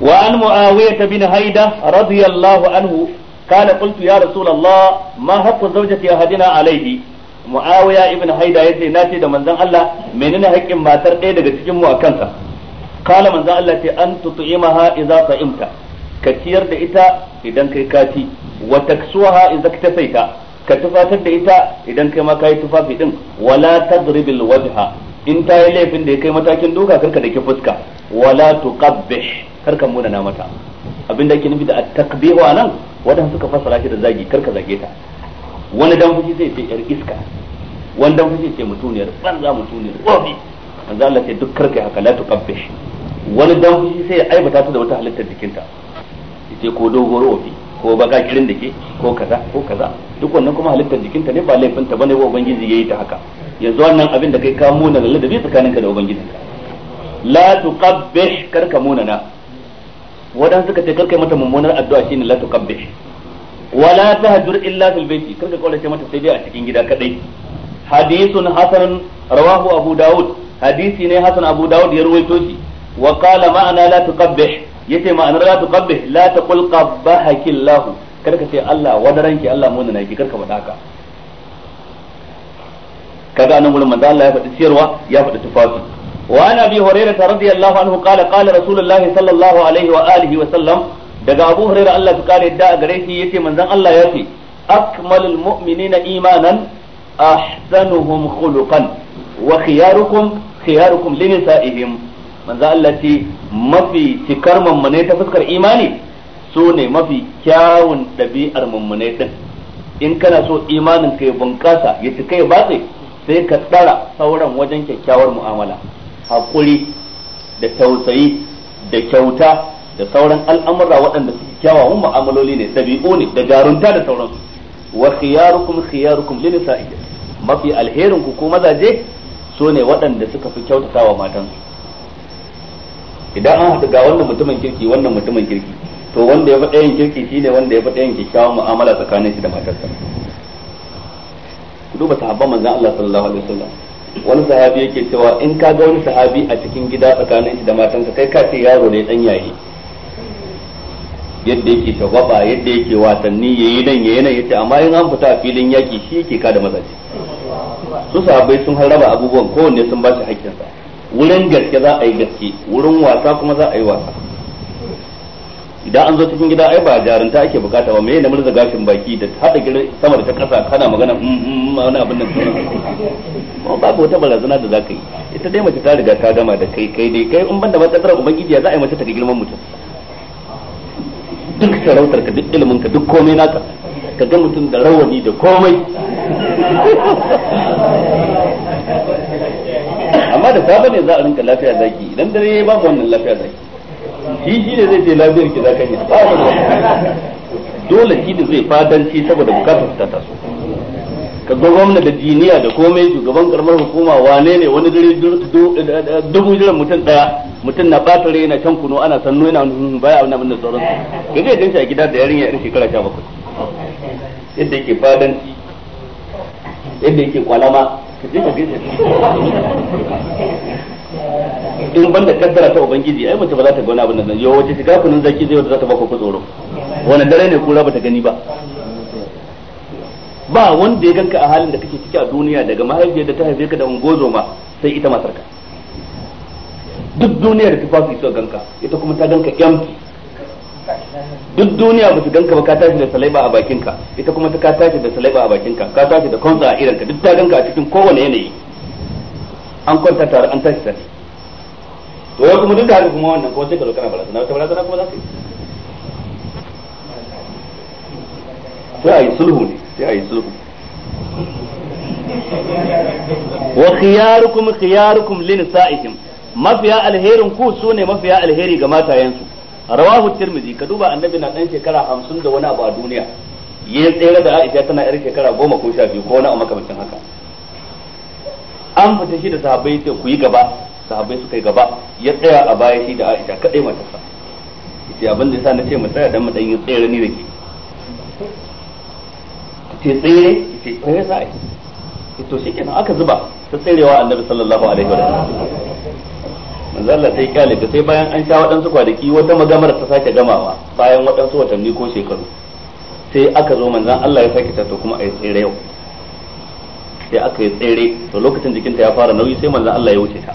وعن معاوية بن هيدة رضي الله عنه قال قلت يا رسول الله ما حق زوجة أحدنا عليه معاوية ابن هيدة يتي ناتي دا منزان الله منين حق ما ترقي دا تجمع كنسا قال منزان الله أن تطعمها إذا طعمت كثير دا إتا إذا كيكاتي وتكسوها إذا اكتفيت ka tufatar da ita idan kai ma kai tufafi din wala tadribil wajha in ta yi laifin da ya kai matakin duka karka da ke fuska wala tuqabbih karka muna na mata abin da ake nufi da at-takbihu anan wadan suka fasara shi da zagi karka zage ta wani dan fushi sai ce yar iska wani dan fushi ce mutuniyar banza mutuniyar tsofi manzo Allah sai duk karka haka la tuqabbish wani dan fushi sai ya aibata ta da wata halittar jikinta yace ko dogoro wofi ko baka kirin da ke ko kaza ko kaza duk wannan kuma halittar jikinta ne ba ta bane ba ubangiji yayi ta haka yanzu wannan abin da kai ka muna ladabi tsakaninka da ubangijinka la tuqabbih karka muna na wadan suka ce karkai mata mummunar addu'a shine la tuqabbih wala tahjur illa fil baiti karka kaurace mata sai dai a cikin gida kadai hadithun hasan rawahu abu daud hadisi ne hasan abu daud ya ruwaito shi wa qala ma'ana la tuqabbih yace ma'anar la tuqabbih la taqul qabbaha allah karka ce Allah wadaranki Allah mu na ki karka faɗa ka kaga anan gurin manzo Allah ya faɗi siyarwa ya faɗi tufafi وعن ابي هريره رضي الله عنه قال قال رسول الله صلى الله عليه واله وسلم daga abu hurairah Allah ta kare da gare shi yace manzon Allah ya ce akmalul mu'minina imanan ahsanuhum khuluqan wa khiyarukum khiyarukum linisa'ihim manzon Allah ce mafi cikar mummune ta fuskar imani su ne mafi kyawun ɗabi'ar mummune din in kana so imanin ka ya bunkasa ya cika ya batse sai ka tsara sauran wajen kyakkyawar mu'amala haƙuri da tausayi da kyauta da sauran al'amura waɗanda suke kyawawan mu'amaloli ne dabi'u ne da garunta da sauransu wa khiyarukum khiyarukum lin nisa'ikum mafi alherin ku ko mazaje so ne waɗanda suka fi kyautatawa matansu idan an haɗu ga wannan mutumin kirki wannan mutumin kirki to wanda ya faɗa yin kirki shine wanda ya faɗa yin kyakkyawan mu'amala tsakanin shi da matarsa ku duba sahabban manzon Allah sallallahu alaihi wasallam wani sahabi yake cewa in ka ga wani sahabi a cikin gida tsakanin shi da matansa kai ka ce yaro ne dan yayi yadda yake shagwaba yadda yake wasanni yayi nan yayi nan yace amma in an fita a filin yaki shi yake ka da mazaje su sahabbai sun haraba abubuwan kowanne sun ba shi hakkinsa wurin gaske za a yi gaske wurin wasa kuma za a yi wasa idan an zo cikin gida ai ba jarunta ake bukata ba me ne murza gashin baki da hada gidan sama da ta kasa kana magana mm, mm, mm, wani abin nan ba babu wata barazana da zaka yi ita dai mace ta riga ta gama da kai kai dai kai in banda ba kadara ubangiji ya za a yi mace ta girman mutum duk sarautar ka duk ilimin ka duk komai naka ka ga mutum da rawani da komai amma da ba ne za a rinka lafiya zaki idan dare ba babu wannan lafiya zaki shi shi ne zai ce lafiyar ki za ka yi dole shi ne zai fadanci saboda bukatar ta taso ka ga gwamna da jiniya da komai shugaban karamar hukuma wane ne wani dare dubu jiran mutum daya mutum na batare rai na can kuno ana sannu yana baya abin da sauran ka zai ganshi a gida da yarinya yarin shekara sha bakwai yadda yake fadanci yadda yake kwalama ka je ka in ban da kaddara ta ubangiji ai mace ba za ta ga wani abin nan yau wace shiga kunun zaki zai wata za ta baka ku tsoro wani dare ne kura ba ta gani ba ba wanda ya ganka a halin da kake ciki a duniya daga mahaifiyar da ta haife ka da ungozo ma sai ita matar ka duk duniya da tufafi suka ganka ita kuma ta ganka yamki duk duniya ba su ganka ba ka tashi da salaiba a bakinka ita kuma ta ka tashi da salaiba a bakinka ka tashi da kwanza a ka duk ta ganka a cikin kowane yanayi an kwanta tare an tashi tare to wasu mutum duk da haka kuma wannan kuma sai ka zo kana Na ta barasa kuma za ka yi sai a yi sulhu ne sai a yi sulhu wa khiyarukum khiyarukum lin sa'ihim mafiya alherin ku sune mafiya alheri ga matayensu rawahu tirmidhi ka duba annabi na dan shekara 50 da wani abu a duniya ya tsere da Aisha tana yar shekara 10 ko 12 ko wani abu makamancin haka an fita shi da sahabbai sai ku yi gaba sahabbai suka yi gaba ya tsaya a baya shi da Aisha kadai matarsa ita abin da yasa nace mu tsaya dan mu dan yi tsere ni dake ce tsere ce tsere za a yi to shikenan aka zuba ta tserewa annabi sallallahu alaihi wa sallam manzo Allah sai kyale ta sai bayan an sha waɗansu kwadaki wata magamar ta sake gamawa bayan waɗansu watanni ko shekaru sai aka zo manzan Allah ya sake ta to kuma a tsere yau sai aka yi tsere to lokacin jikinta ya fara nauyi sai manzon Allah ya wuce ta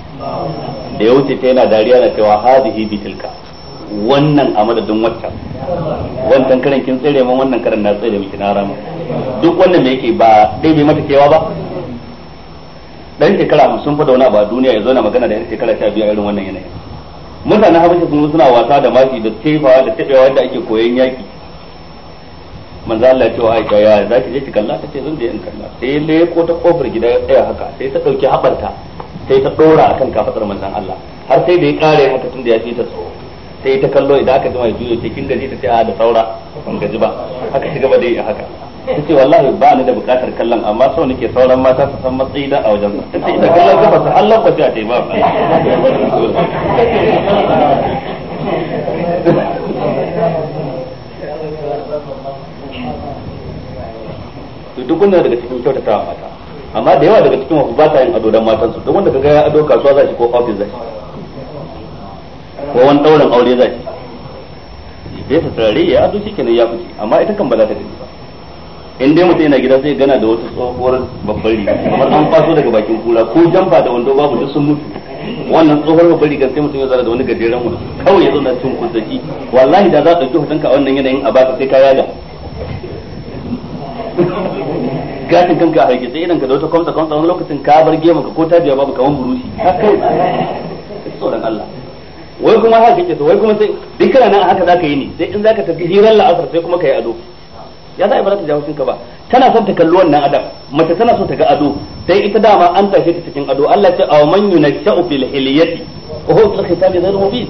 da ya wuce ta yana dariya na cewa hadihi bitilka wannan a madadin waccan wancan karan kin tsere mun wannan karan na tsere miki na rama duk wannan me yake ba dai bai mata kewa ba dan shekara sun fa da wani ba duniya ya zo na magana da yan shekara sha biyar irin wannan yanayin mutanen habashi sun suna wasa da mashi da tefawa da tabewa da ake koyon yaki manzo Allah ya ce wa Aisha ya zaki je ki kalla ta ce zan je in kalla sai le ta kofar gida ya tsaya haka sai ta dauki habarta sai ta dora akan kafadar manzon Allah har sai da ya kare haka tunda ya ji ta tsoro sai ta kallo idan aka jima juyo ce kin gaji ta ce a da saura ban gaji ba haka ci ba dai yi haka ta ce wallahi ba ni da bukatar kallon amma sau nake sauran mata su san matsayi da a wajen ta ce ita kallon ka fasa Allah ba ta ba to duk wanda daga cikin kyautatawa mata amma da yawa daga cikin wasu ba ta yin ado dan matan su duk wanda kaga ya ado kasuwa za shi ko office za shi ko wani daurin aure za shi bai ta turare ya ado shi kenan ya fice amma ita kan ba za ta gani ba in dai mutum yana gida sai gana da wata tsohuwar babbar riga kamar an faso daga bakin kura ko jamfa da wando babu duk sun mutu wannan tsohuwar babbar riga sai mutum ya zara da wani gajeren wani kawai ya zauna cikin kuntaki wallahi da za ta ɗauki hotonka a wannan yanayin a baka sai ka yaga gashin kanka a rage sai idan ka da wata kwamsa kwamsa wani lokacin ka bar gemu ka ko ta biya babu kaman burushi tsoron Allah wai kuma haka kike so wai kuma sai duk kana nan haka zaka yi ne sai in zaka tafi hirar la'asar sai kuma kai ado ya za a ibara jawo ka ba tana son ta kalli wannan adam mace tana so ta ga ado sai ita dama an tashi ta cikin ado Allah ya ce aw man yunasha'u fil hilyati wa huwa ta khitabi ghayr mubin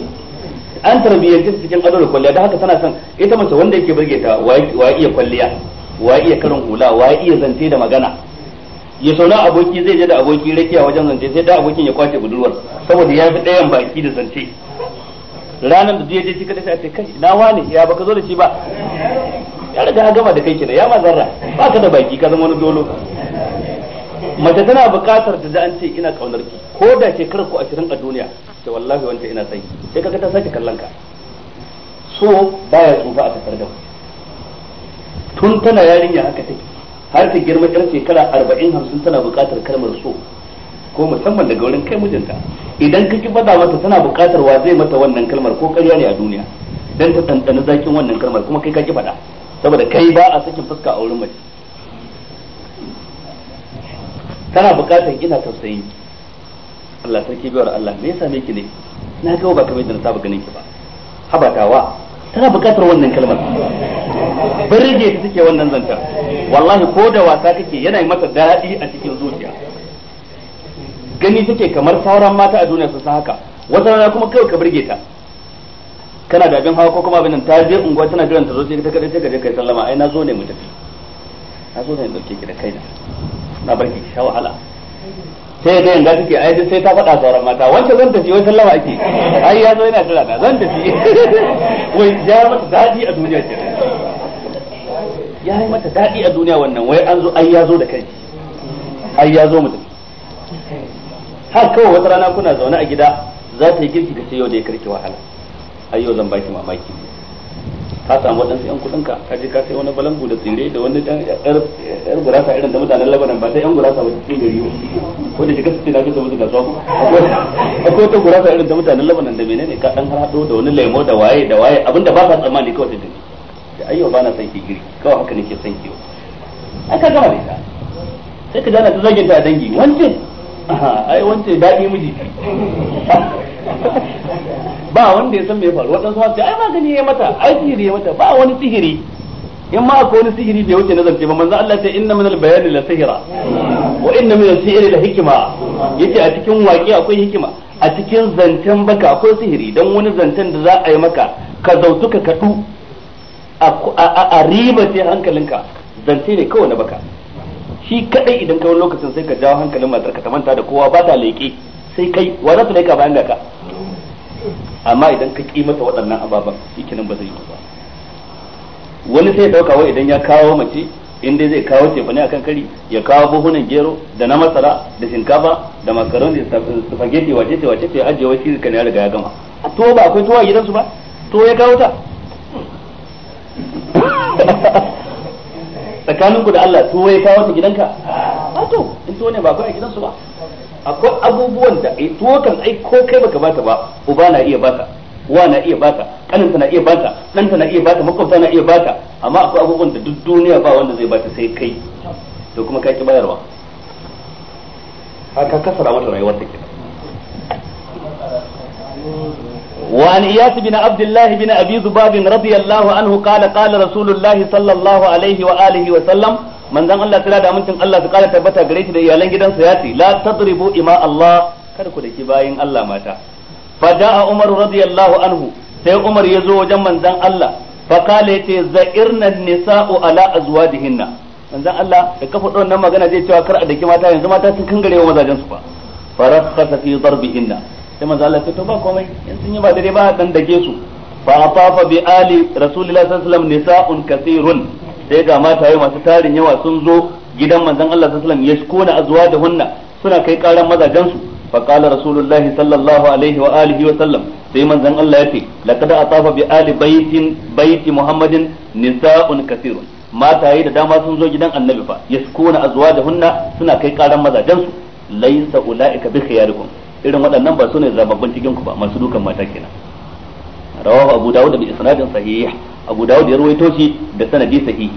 an tarbiyyar ta cikin ado da kwalliya da haka tana son ita mace wanda yake burge ta wa iya kwalliya wa iya karin hula wa iya zance da magana ya sauna aboki zai je da aboki rakiya wajen zance sai da abokin ya kwace budurwar saboda ya fi ɗayan baki da zance ranar da je cika kada a ce kai na wani ya baka zo da shi ba ya riga ya gama da kai kina ya ma zarra ba ka da baki ka zama wani dolo mace tana buƙatar ta ji an ce ina kaunar ki ko da shekarar ku ashirin a duniya ce wallahi wanta ina sai sai kaga ta sake kallon ka so baya tsufa a tattar da ku tun tana yarinya haka take har ta girma ɗan shekara arba'in hamsin tana buƙatar kalmar so ko musamman daga wurin kai mijinta idan ka ki faɗa mata tana buƙatar wa zai mata wannan kalmar ko ƙarya ne a duniya dan ta tantana zakin wannan kalmar kuma kai ka ki faɗa saboda kai ba a sakin fuska a wurin mace tana buƙatar ina tausayi Allah sarki biyar Allah me yasa ne ki ne na ga ba kamar da na saba ganin ki ba habatawa tana bukatar wannan kalmar birge ta take wannan zantar wallahi ko da wasa kake yana yi mata daɗi a cikin zuciya gani take kamar sauran mata a duniya su san haka wata rana kuma kai ka birge ta kana da abin hawa ko kuma abin ta je unguwa tana jiran ta zo sai ta kada sai ka je kai sallama ai na zo ne mu tafi na zo ne dauke ki da kaina na barki ki sha wahala sai ga yanda take ai sai ta faɗa sauran mata wanda zan tafi wai sallama ake ai ya zo yana jira na zan tafi <laughs> wai ya mata dadi a duniya ce ya yi mata dadi a duniya wannan wai an zo ai ya zo da kai ai ya zo mutum har kawai wata rana kuna zaune a gida za ta yi girki da ce yau da ya karki wahala ai yau zan baki mamaki ka samu waɗansu yan kuɗinka ka je ka sai wani balangu da tsire da wani ɗan yar gurasa irin da mutanen labanan ba sai yan gurasa ba cikin gari ko da shiga su ce na gasuwa ko kasuwa akwai ta gurasa irin da mutanen labanan da menene ka ɗan haɗo da wani lemo da waye da waye abinda ba ka tsammani kawai ta dini da ayyau ba na san ki girki kawai haka nake san ki ai ka gama da ita sai ka dana ta zagin ta dangi wance ai wance daɗi miji ba wanda ya san me faru wadansu su ce ai magani ya mata ai sihiri ya mata ba wani sihiri in ma akwai wani sihiri bai wuce na ba manzo Allah ce inna min al-bayani la sihira?" wa inna min al-sihri la hikma yace a cikin waki akwai hikima a cikin zancen baka akwai sihiri dan wani zancen da za a yi maka ka zautu ka kaɗu, a riba ce hankalinka zance ne kawai na baka shi kaɗai idan ka wani lokacin sai ka jawo hankalin matar ka ta manta da kowa ba ta leƙe sai kai wa za ta leƙa bayan ga ka amma idan ka ƙi masa waɗannan ababen shikenan ba zai yi ba wani sai ya ɗauka wai idan ya kawo mace inda zai kawo ce fane akan kari ya kawo buhunan gero da na masara da shinkafa da makaroni da spaghetti wace ce wace ce ajiye wai shirka ne ya riga ya gama to ba akwai tuwa a gidansu ba to ya kawo ta <laughs> tsakaninku da Allah to ya kawo ta gidanka a to in to ne ba akwai a gidansu ba akwai abubuwan da ai tuwo kan ai ko kai baka bata ba uba na iya bata wa na iya bata kaninta na iya bata ɗanta na iya bata makwabta na iya bata amma akwai abubuwan da duk duniya ba wanda zai bata sai kai to kuma kai ki bayarwa haka kasara mata rayuwar ta kenan wa'aniyyatu bina abdullahi bina abizu babin radiyallahu anhu kala kala rasulallahu aleyhi wa aleyhi wa sallam manzan allah ta daminci allah su kala tabbata garetu da iyalan gidan su ya siyi la sadribu ima allah kada ku da shi bayin allah mata fa da umar radiyallahu anhu sai umar ya zo wajen manzan allah fa kala ke za'irina nisa'u ala'a zuwa dihinna manzan allah da kafa ɗaya na magana zai cewa kar a da mata yanzu mata ta kan gari yau mazajen su ba farakasa ki zargin sai manzo Allah ya to ba komai in sun yi ba dare ba dan dage su fa afafa bi ali rasulillahi sallallahu alaihi wasallam nisa'un kathirun sai ga mataye masu tarin yawa sun zo gidan manzon Allah sallallahu alaihi wasallam yashkuna azwajuhunna suna kai karan mazajen su fa qala rasulullahi sallallahu alaihi wa alihi wa sallam sai manzon Allah ya ce laqad atafa bi ali baitin baiti muhammadin nisa'un kathirun mataye da dama sun zo gidan annabi fa yashkuna azwajuhunna suna kai karan mazajen su laysa ulaika bi khiyarikum irin waɗannan ba su ne zababban cikin ku ba masu dukan mata kenan rawahu abu dawud bi isnadin sahih abu dawud ya ruwaito shi da sanadi sahih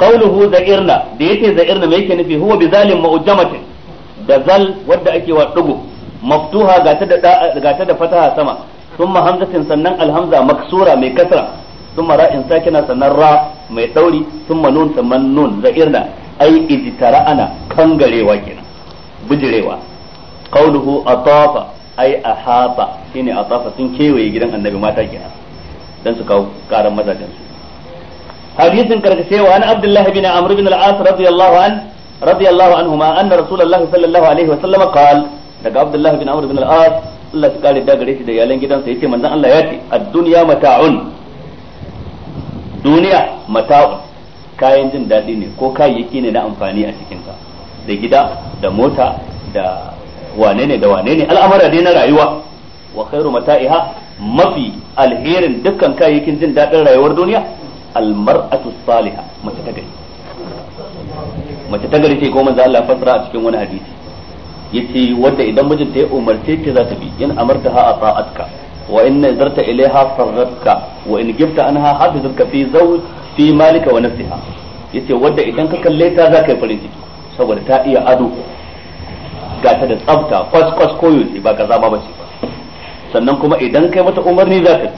qauluhu za'irna da yace za'irna me yake nufi huwa bi zalim mu'jamatin da zal wadda ake wa dugu maftuha ga ta da ga ta da fataha sama thumma hamzatin sannan alhamza maksura mai kasra thumma ra'in sakina sannan ra mai dauri thumma nun sannan nun za'irna ai ijtara'ana kangarewa kenan bijirewa qawluhu atafa ay ahaba shine atafa sun kewaye gidan annabi mata kenan dan su kawo karan mazajen su hadisin karkashe wa an abdullah bin amr bin al-as radiyallahu an radiyallahu anhuma anna rasulullahi sallallahu alaihi wa sallam qala daga abdullah bin amr bin al-as Allah ya da gare shi da iyalan gidansa yace manzon Allah ya ce ad-dunya mata'un duniya mata'un kayan jin daɗi ne ko kayayyaki ne na amfani a cikinta da gida da mota da wane ne da wane ne al'amara ne na rayuwa wa khairu mata'iha mafi alherin dukkan kayayyakin jin daɗin rayuwar duniya almar'atu salihah mace ta gari mace ta gari ce ko manzo Allah fasara a cikin wani hadisi yace wanda idan mijinta ya umarce ki za ta bi in amartaha a ta'atka wa in nazarta ilaiha sarratka wa in gifta anha hafizatka fi zawj fi malika wa nafsiha yace wanda idan ka kalle ta za ka yi farin ciki saboda ta iya ado ga ta da tsafta kwas kwas koyo ba kaza ba bace ba sannan kuma idan kai mata umarni za ta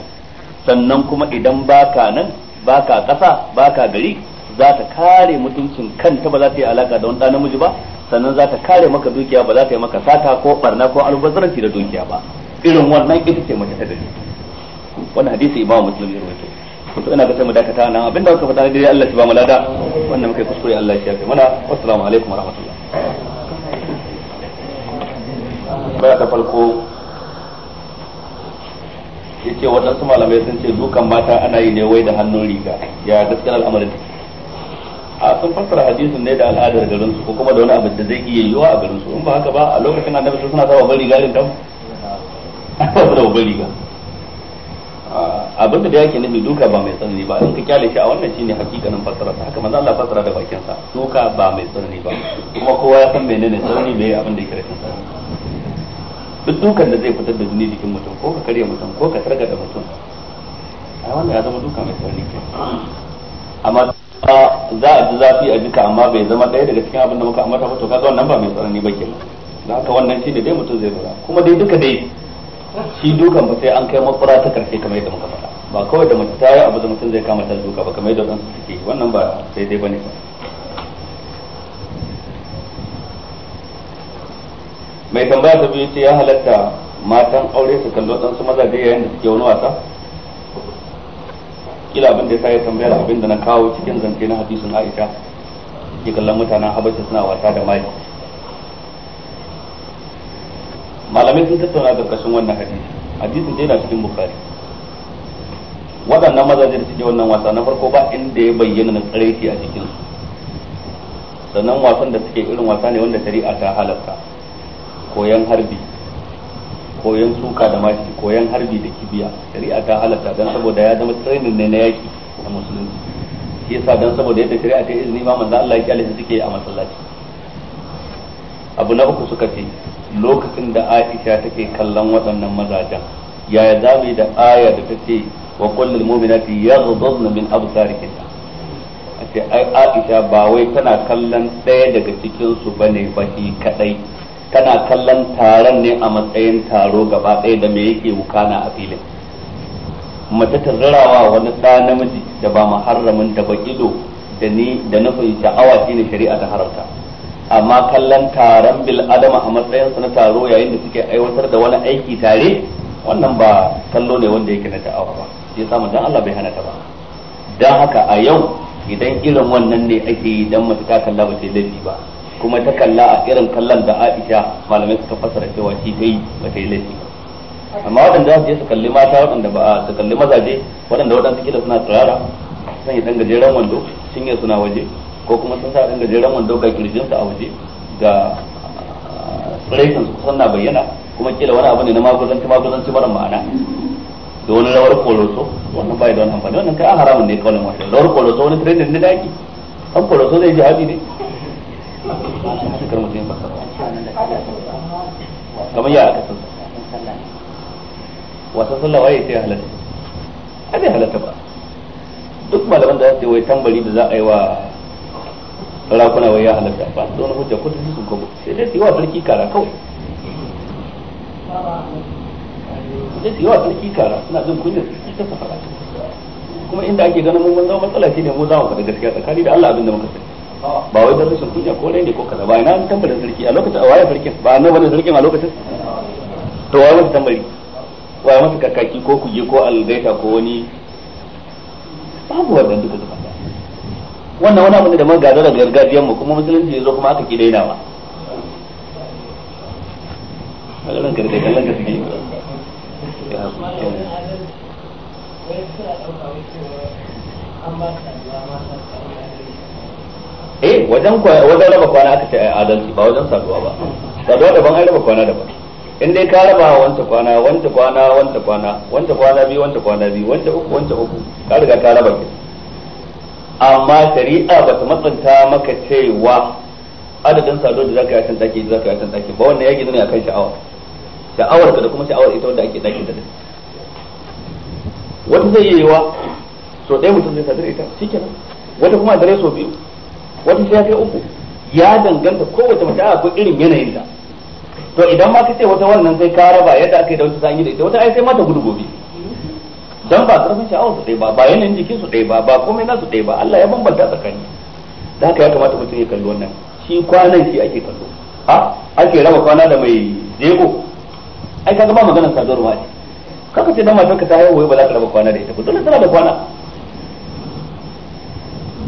sannan kuma idan baka nan baka kasa baka gari za ta kare mutuncin kanta ba za ta yi alaka da wani ɗan namiji ba sannan za ta kare maka dukiya ba za ta yi maka sata ko barna ko albazaranci da dukiya ba irin wannan ita ce mace ta gari wannan hadisi imam muslim ya rawaito kuma ina ga sai mu dakata nan abinda muka faɗa dai Allah shi ba mu lada wannan muka kuskure Allah shi ya fi mana assalamu alaikum warahmatullahi tambaya ta farko yace waɗansu malamai sun ce dukan mata ana yi ne wai da hannun riga ya gaskiyar al'amarin a sun fassara hadisin ne da al'adar garin su ko kuma da wani abu da zai iya yiwuwa a garin su in ba haka ba a lokacin annabi sun suna sawa bari garin tam ba da bari ga abin da yake nufi duka ba mai tsanani ba in ka kyale shi a wannan shine hakikanin fassara haka manzo Allah fassara da bakin sa duka ba mai tsanani ba kuma kowa ya san menene tsanani bai abin da yake rashin tsanani duk dukan da zai fitar da jini jikin mutum ko ka karya mutum ko ka targa da mutum ai wannan ya zama duka mai tsanani ke amma za a ji zafi a jika amma bai zama ɗaya daga cikin abin da muka ambata ba to kaga wannan ba mai tsanani ba ke da haka wannan shi da dai mutum zai lura kuma dai duka dai shi dukan ba sai an kai makura ta karshe kamar yadda muka faɗa ba kawai da mutum ta yi abu da mutum zai kama ta duka ba kamar yadda wadansu suke wannan ba dai ba ne ba mai tambaya ta biyu ce ya halatta matan aure su kallo dan su mazaje yayin da suke wani wasa kila abin da ya tambayar abin da na kawo cikin zance na hadisin Aisha ke kallon mutanen Habasha suna wasa da mai malamai sun tattauna karkashin wannan hadisi hadisin dai na cikin bukari waɗannan mazaje da suke wannan wasa na farko ba inda ya bayyana na tsaraici a jikinsu. sannan wasan da suke irin wasa ne wanda shari'a ta halatta koyan harbi koyan suka da mashi koyan harbi da kibiya shari'a ta halatta dan saboda ya zama training ne na yaki na musulunci shi yasa dan saboda yadda shari'a ta izini ma manzo Allah ya kiyale suke a masallaci abu na uku suka ce lokacin da Aisha take kallon waɗannan mazajen yaya za mu yi da aya da ta wa kullul mu'minati yaghdudna min absarihinna ake ai Aisha ba wai tana kallon ɗaya daga cikin su bane ba shi kadai kana kallon taron ne a matsayin taro gaba ɗaya da mai yake wukana a filin mace tarrarawa wani ɗa namiji da ba muharramin da ba ido da ni da nufin sha'awa ne shari'a ta haramta amma kallon taron bil adama a matsayin su na taro yayin da suke aiwatar da wani aiki tare wannan ba kallo ne wanda yake na sha'awa ba shi yasa dan Allah bai hana ta ba dan haka a yau idan irin wannan ne ake yi dan mace ta kalla ba ta laifi ba kuma ta kalla a irin kallon da Aisha malamai suka fasara cewa shi ta yi ba ta yi laifi amma waɗanda za su je su kalli mata waɗanda ba su kalli mazaje waɗanda waɗansu kila suna turara sun yi ɗan gajeren wando sun yi suna waje ko kuma sun sa ɗan gajeren wando ga kirjinsu a waje ga ah, tsiraikin su kusan na bayyana kuma kila wani abu ne na magudan maguzanci mara ma'ana da wani rawar koloso wannan bai da wani amfani wannan kai an haramun ne kawai wani rawar koloso wani tsirai da daki an koloso zai ji haɗi ne kar mutum ya masa kamar ya aka san wasan sallah waye sai halatta a bai halatta ba duk malaman da za su yi wai tambari da za a yi wa rakuna wai ya halatta ba su wani hujja ko ta sun kabo sai dai su yi wa sarki kara kawai sai su yi wa sarki kara suna jin kunyar sarki ta safara kuma inda ake ganin mun zama matsala shi ne mu za mu faɗi gaskiya tsakani da Allah abin da muka sani ba wai ba rashin kunya ko ne ko kaza ba ina an tambarin sarki a lokacin a waye sarkin ba annabi ne sarkin a lokacin to waye masa tambari waye masa kakaki ko kuje ko algaita ko wani babu wannan duka duka wannan wani abu ne da mun gada da gargajiyar mu kuma musulunci yazo kuma aka ki daina dainawa kallon gargajiya kallon gaskiya ya eh wajen wajen raba kwana aka ce adalci ba wajen saduwa ba saduwa daban ai raba kwana daban in dai ka raba wanta kwana wanta kwana wanta kwana wanta kwana biyu wanta kwana biyu wanta uku wanta uku ka riga ka raba ki amma shari'a ba ta matsanta maka cewa adadin saduwa da zaka yi can take zaka yi can take ba wannan ya gina ne akan sha'awa sha'awar ka da kuma sha'awar ita wanda ake daki da wata zai yi wa so ɗaya mutum zai sadar ita shikenan wata kuma dare so biyu wata ta kai uku ya danganta kowace mace akwai irin yanayin ta to idan ma ka ce wata wannan sai ka raba yadda aka yi da wata ta yi da ita wata ai sai mata gudu gobe dan ba karfin sha'awar su ɗaya ba ba yanayin jikin su ɗaya ba ba komai nasu ɗaya ba Allah ya bambanta tsakani da haka ya kamata mutum ya kalli wannan shi kwanan shi ake kallo a ake raba kwana da mai zego ai kaga ba maganar sadarwa ne kaka ce dan matar ka ta haihuwa ba za ka raba kwana da ita ba dole tana da kwana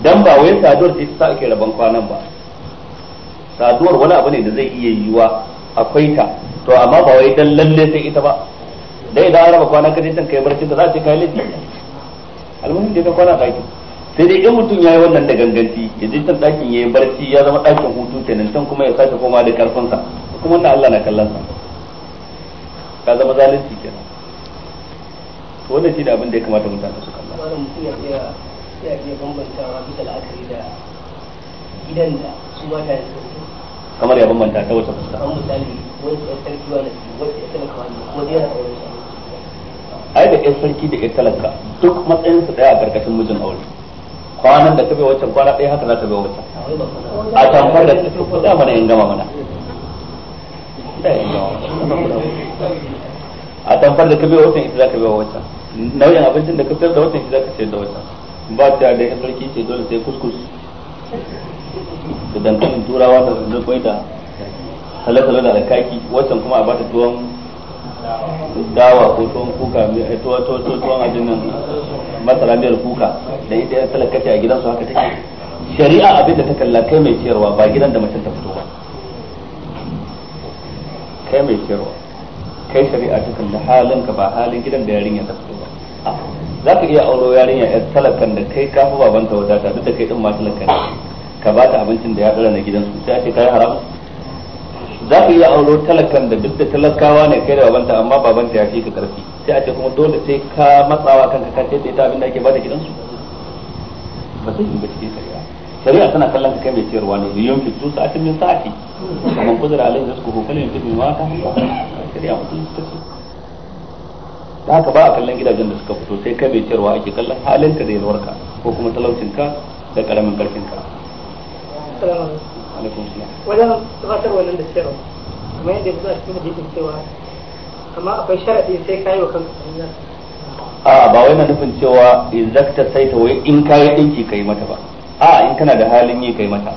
dan ba wai saduwar ce ta ake rabon kwanan ba saduwar wani abu ne da zai iya yiwa akwai ta to amma ba wai dan lalle sai ita ba dai idan an raba kwana kaje can kai barci da za ce kai laifi almuhim dai ka kwana daki sai dai in mutum yayi wannan da ganganci ya je can dakin yayi barci ya zama dakin hutu kenan can kuma ya sake koma da karfin sa kuma wannan Allah na kallon sa ka zama zalunci kenan to wannan shi da abin da ya kamata mutane su kalla sai a iya bisa la'akari da gidan da su kamar ya bambanta ta wata fuska an misali ya sarki ya talaka wani kuma yana aure ai da yan sarki da yan talaka duk matsayin su daya a karkashin mijin aure kwanan da ta bai wancan kwana ɗaya haka za ta bai wancan a tamfar da ta fi da mana in gama mana a tamfar da ka bai wancan ita za ka bai wancan nau'in abincin da ka fitar da wancan ita za ka ce da wancan ba ta da ya sarki ce dole sai kuskus da dankalin turawa da zai kwai da talatala da alkaki wancan kuma a bata tuwon dawa ko tuwon kuka eh, tuwon abin nan masara miyar kuka da ita ya talakaci a gidansu haka take shari'a abin da ta kalla kai mai ciyarwa ba gidan da mutum ta fito ba kai mai ciyarwa kai shari'a ta kalla halin ka ba halin gidan da yarinya ta fito ba za ka iya auro yarinya yar talakan da kai ka fi babanta wata ta duk da kai din ma talakan ka ba ta abincin da ya dora na gidansu sai a ce kai haram za ka iya auro talakan da duk da talakawa ne kai da babanta amma babanta ya fi ka karfi sai a ce kuma dole sai ka matsawa kanka ka ce da ita abin da ake ba ta gidansu ba zai yi ba cikin shari'a shari'a tana kallon ka kai mai ciyarwa ne liyon fitu sa'atin min sa'ati kamar kudura alaihi rizquhu falyunfiq ma ta hanyar shari'a mutum ta ce da haka ba a kallon gidajen da suka fito sai kai bai cewa ake kallon halinka da yalwarka ko kuma talaucinka da karamin karfinka wajen gabatar wannan da cewa kamar yadda ya zuwa cikin hadisin cewa amma akwai sharaɗi sai ka yi wa kanka a ba wai na nufin cewa izakta sai ta wai in ka yi ɗinki ka yi mata ba a in kana da halin yi ka yi mata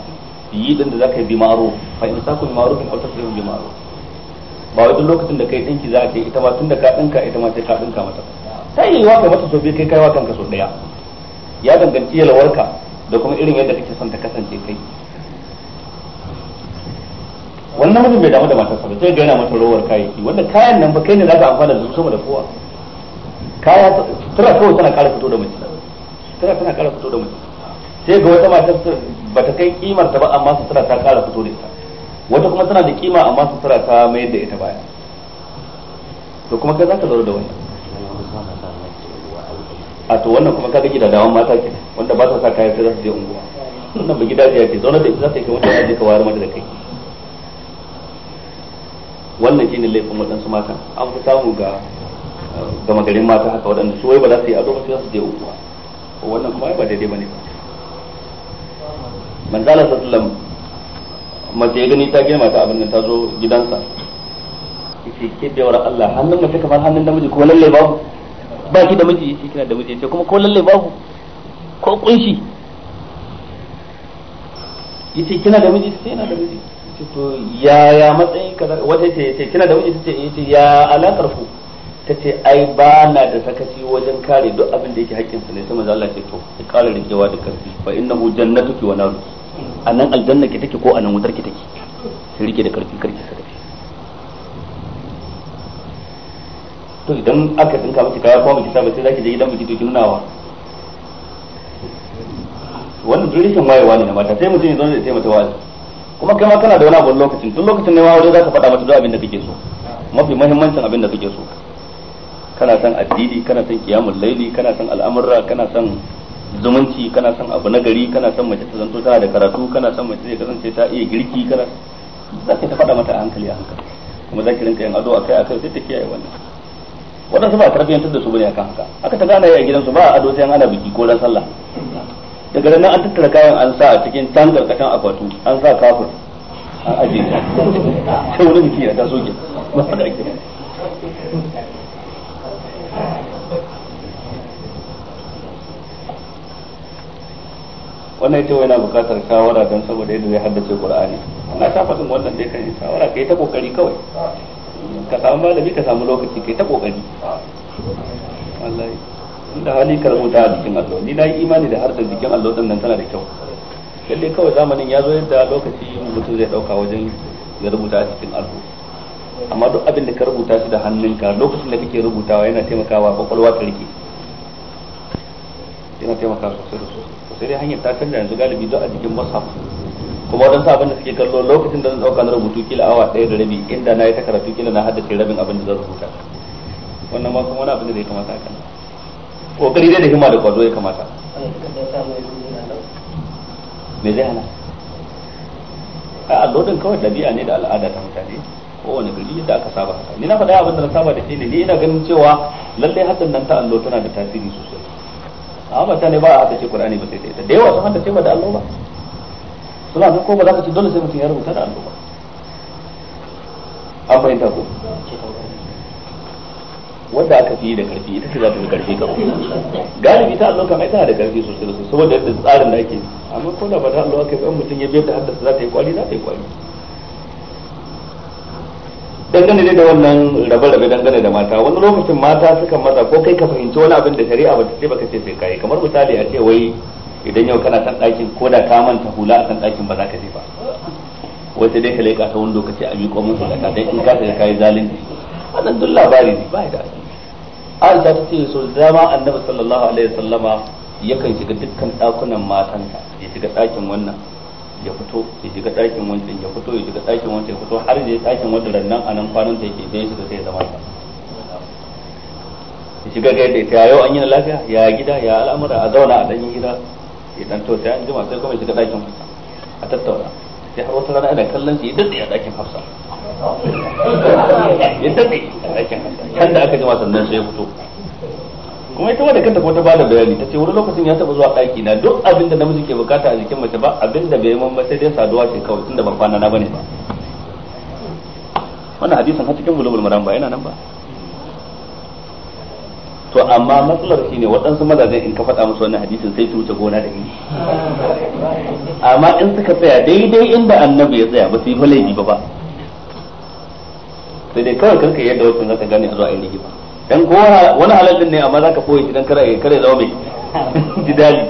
yi ɗin da za ka yi bi maro fa in sa ku bi ma'ruf in autar bi maro. ba wai lokacin da kai dinki za a ce ita ma tunda ka dinka ita ma sai ka dinka mata sai yi waka mata so kai kai kai kanka so daya ya danganci yalwarka da kuma irin yadda kake son ta kasance kai wannan mutum bai damu da matarsa ba sai ga yana mata rowar kayayyaki wanda kayan nan ba kai ne za ka amfana da su sama da kowa kaya tana kawai tana kara fito da mace tana tana kara fito da mace sai ga wata matar ba ta kai kimar ta ba amma su tana ta kara fito da ita wata kuma tana da kima amma sutura ta mai da ita baya to kuma kai zaka zaro da wannan a to wannan kuma kaga gidadawan mata ke wanda ba ta sa kayan sai za su je unguwa wannan ba gida ya ke zaune da za ta yi wata ta je ka wayar mata da kai wannan ne laifin waɗansu mata an fi samu ga eh, gama garin mata haka waɗanda su wai ba za su yi ado ba sai za su je unguwa wannan kuma ba daidai ne ba manzala sallallahu mace ya gani ta girma ta abin nan ta zo gidansa yace ke bewar Allah hannun mace kamar hannun namiji ko lalle babu ba ki da miji yace kina da miji yace kuma ko lalle babu ko kunshi yace kina da miji sai na da miji yace to ya ya matsayin kaza wata ce yace kina da miji tace yace ya alakar ku ce ai ba na da sakaci wajen kare duk abin da yake haƙƙinsa ne sai manzo Allah ce to ki kare rikewa da karfi fa innahu jannatuki wa naruki a nan aljanna ki take ko a nan wutar ki take ki rike da karfi karki sadafi to idan aka dinka miki kaya ko miki sabai sai zaki je gidan miki to kin nawa wa wannan duk rikin wayewa ne na mata sai mutum ya zo zai taimaka wa kuma kai ma kana da wani abu lokacin tun lokacin ne ma wajen zaka faɗa mata duk abin da kake so mafi muhimmancin abin da kake so kana san addini kana san kiyamul laili kana san al'amurra kana san zumunci kana son abu na gari kana son mace ta zanto tana da karatu kana son mace zai kasance ta iya girki kana za ka ta faɗa mata a hankali a hankali kuma za ki rinka yin ado akai akai sai ta kiyaye wannan wadansu ba tarbiyyantar da su bane akan haka aka ta gane a gidansu ba ado sai ana biki ko ran sallah daga nan an tattara kayan an sa a cikin can karkashin akwatu an sa kafin an ajiye ta sai wani biki ya ta soke ba ake wannan ita yana bukatar shawara don saboda yadda zai haddace qur'ani ana ta fadin wannan dai kan shawara kai ta kokari kawai ka samu malami ka samu lokaci kai ta kokari wallahi inda hali ka rubuta a jikin allo ni na yi imani da harkar jikin allo din nan tana da kyau dai kawai zamanin ya zo yadda lokaci mutum zai dauka wajen ya rubuta a cikin allo amma duk abin da ka rubuta shi da hannunka lokacin da kake rubutawa yana taimakawa kwakwalwa ta rike yana taimakawa sosai da sosai sai dai hanyar ta canza yanzu galibi zuwa a jikin whatsapp kuma waɗansu sa da suke kallo lokacin da zan dauka na rubutu kila awa ɗaya da rabi inda na yi ta karatu kila na haddace rabin abin da zan rubuta wannan ma kuma wani abin da zai kamata a kana kokari dai da himma da kwazo ya kamata me zai hana a allo kawai ɗabi'a ne da al'ada ta mutane kowane gari yadda aka saba haka ni na faɗa abin da na saba da shi ne ni ina ganin cewa lallai hakan nan ta allo tana da tasiri sosai amma ne ba a hada Qur'ani ba sai da da yawa sun hada shi ba da Allah ba suna nan ko ba za ka ci dole sai mutum ya rubuta da Allah ba an fahimta ko wanda aka fi da karfi ita ce za ta fi karfi ka galibi ta Allah kan ai tana da karfi sosai sosai saboda yadda tsarin da ake amma ko da ba ta Allah kai ba mutum ya biyar da haddasa za ta yi kwali za ta yi kwali dangane da wannan rabe-rabe dangane da mata wani lokacin mata suka mata ko kai ka fahimci wani abin da shari'a ba ta ce baka ce sai kai kamar misali a ce wai idan yau kana kan ɗakin ko da ka manta hula a kan ɗakin ba za ka je ba wata dai ka leƙa ta wani lokaci a miƙo mun hula ka dai in ka sai kai zalunci wannan duk labari ne ba da Aisha ta ce so zama Annabi sallallahu alaihi wasallama yakan shiga dukkan ɗakunan matanka ya shiga ɗakin wannan ya fito ya shiga ɗakin wancan ya fito ya shiga ɗakin wancan ya fito har ya ɗakin wanda rannan a nan kwanan ta yake idan shiga sai ya zama ta ya shiga ga yadda ya yau an yi na lafiya ya gida ya al'amura a zauna a ɗanyen gida ya ɗan to an jima sai kuma ya shiga ɗakin hafsa a tattauna sai har wata rana ana kallon shi ya daɗe a ɗakin hafsa ya daɗe a ɗakin hafsa can da aka jima sannan sai ya fito kuma ita wadda kanta kuma ta bada bayani ta ce wani lokacin ya taba zuwa ɗaki na duk abinda namiji ke bukata a jikin mace ba abinda bai mamma sai dai saduwa ce kawai tunda ban kwana na bane ba wannan hadisin har cikin bulubul maram ba yana nan ba to amma matsalar shine waɗansu mazajen in ka faɗa musu wannan hadisin sai su wuce gona da ni amma in suka tsaya daidai inda annabi ya tsaya ba su yi laifi ba ba sai dai kawai kanka yadda wasu za ka gane a zuwa ainihi ba dan ko wani halal ne amma zaka boye shi dan kare kare zama mai jidali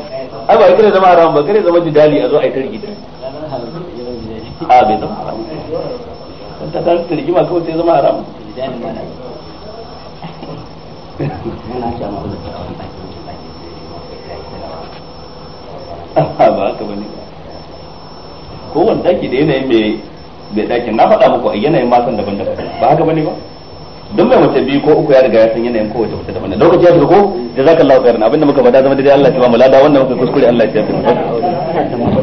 ai ba kare zama haram ba kare zama jidali a zo ai targiti a bai zama haram ta ta ma kawai sai zama haram <laughs> ba haka bane kowane daki da yanayin mai daki na faɗa muku a yanayin masan daban-daban ba haka bane ba duk mai mace biyu ko uku ya riga ya san yanayin kowace mace daban lokaci ya shiga ko jazakallahu khairan abinda muka bada zama daidai Allah ya ba mu lada wannan muka kuskure Allah ya tsaya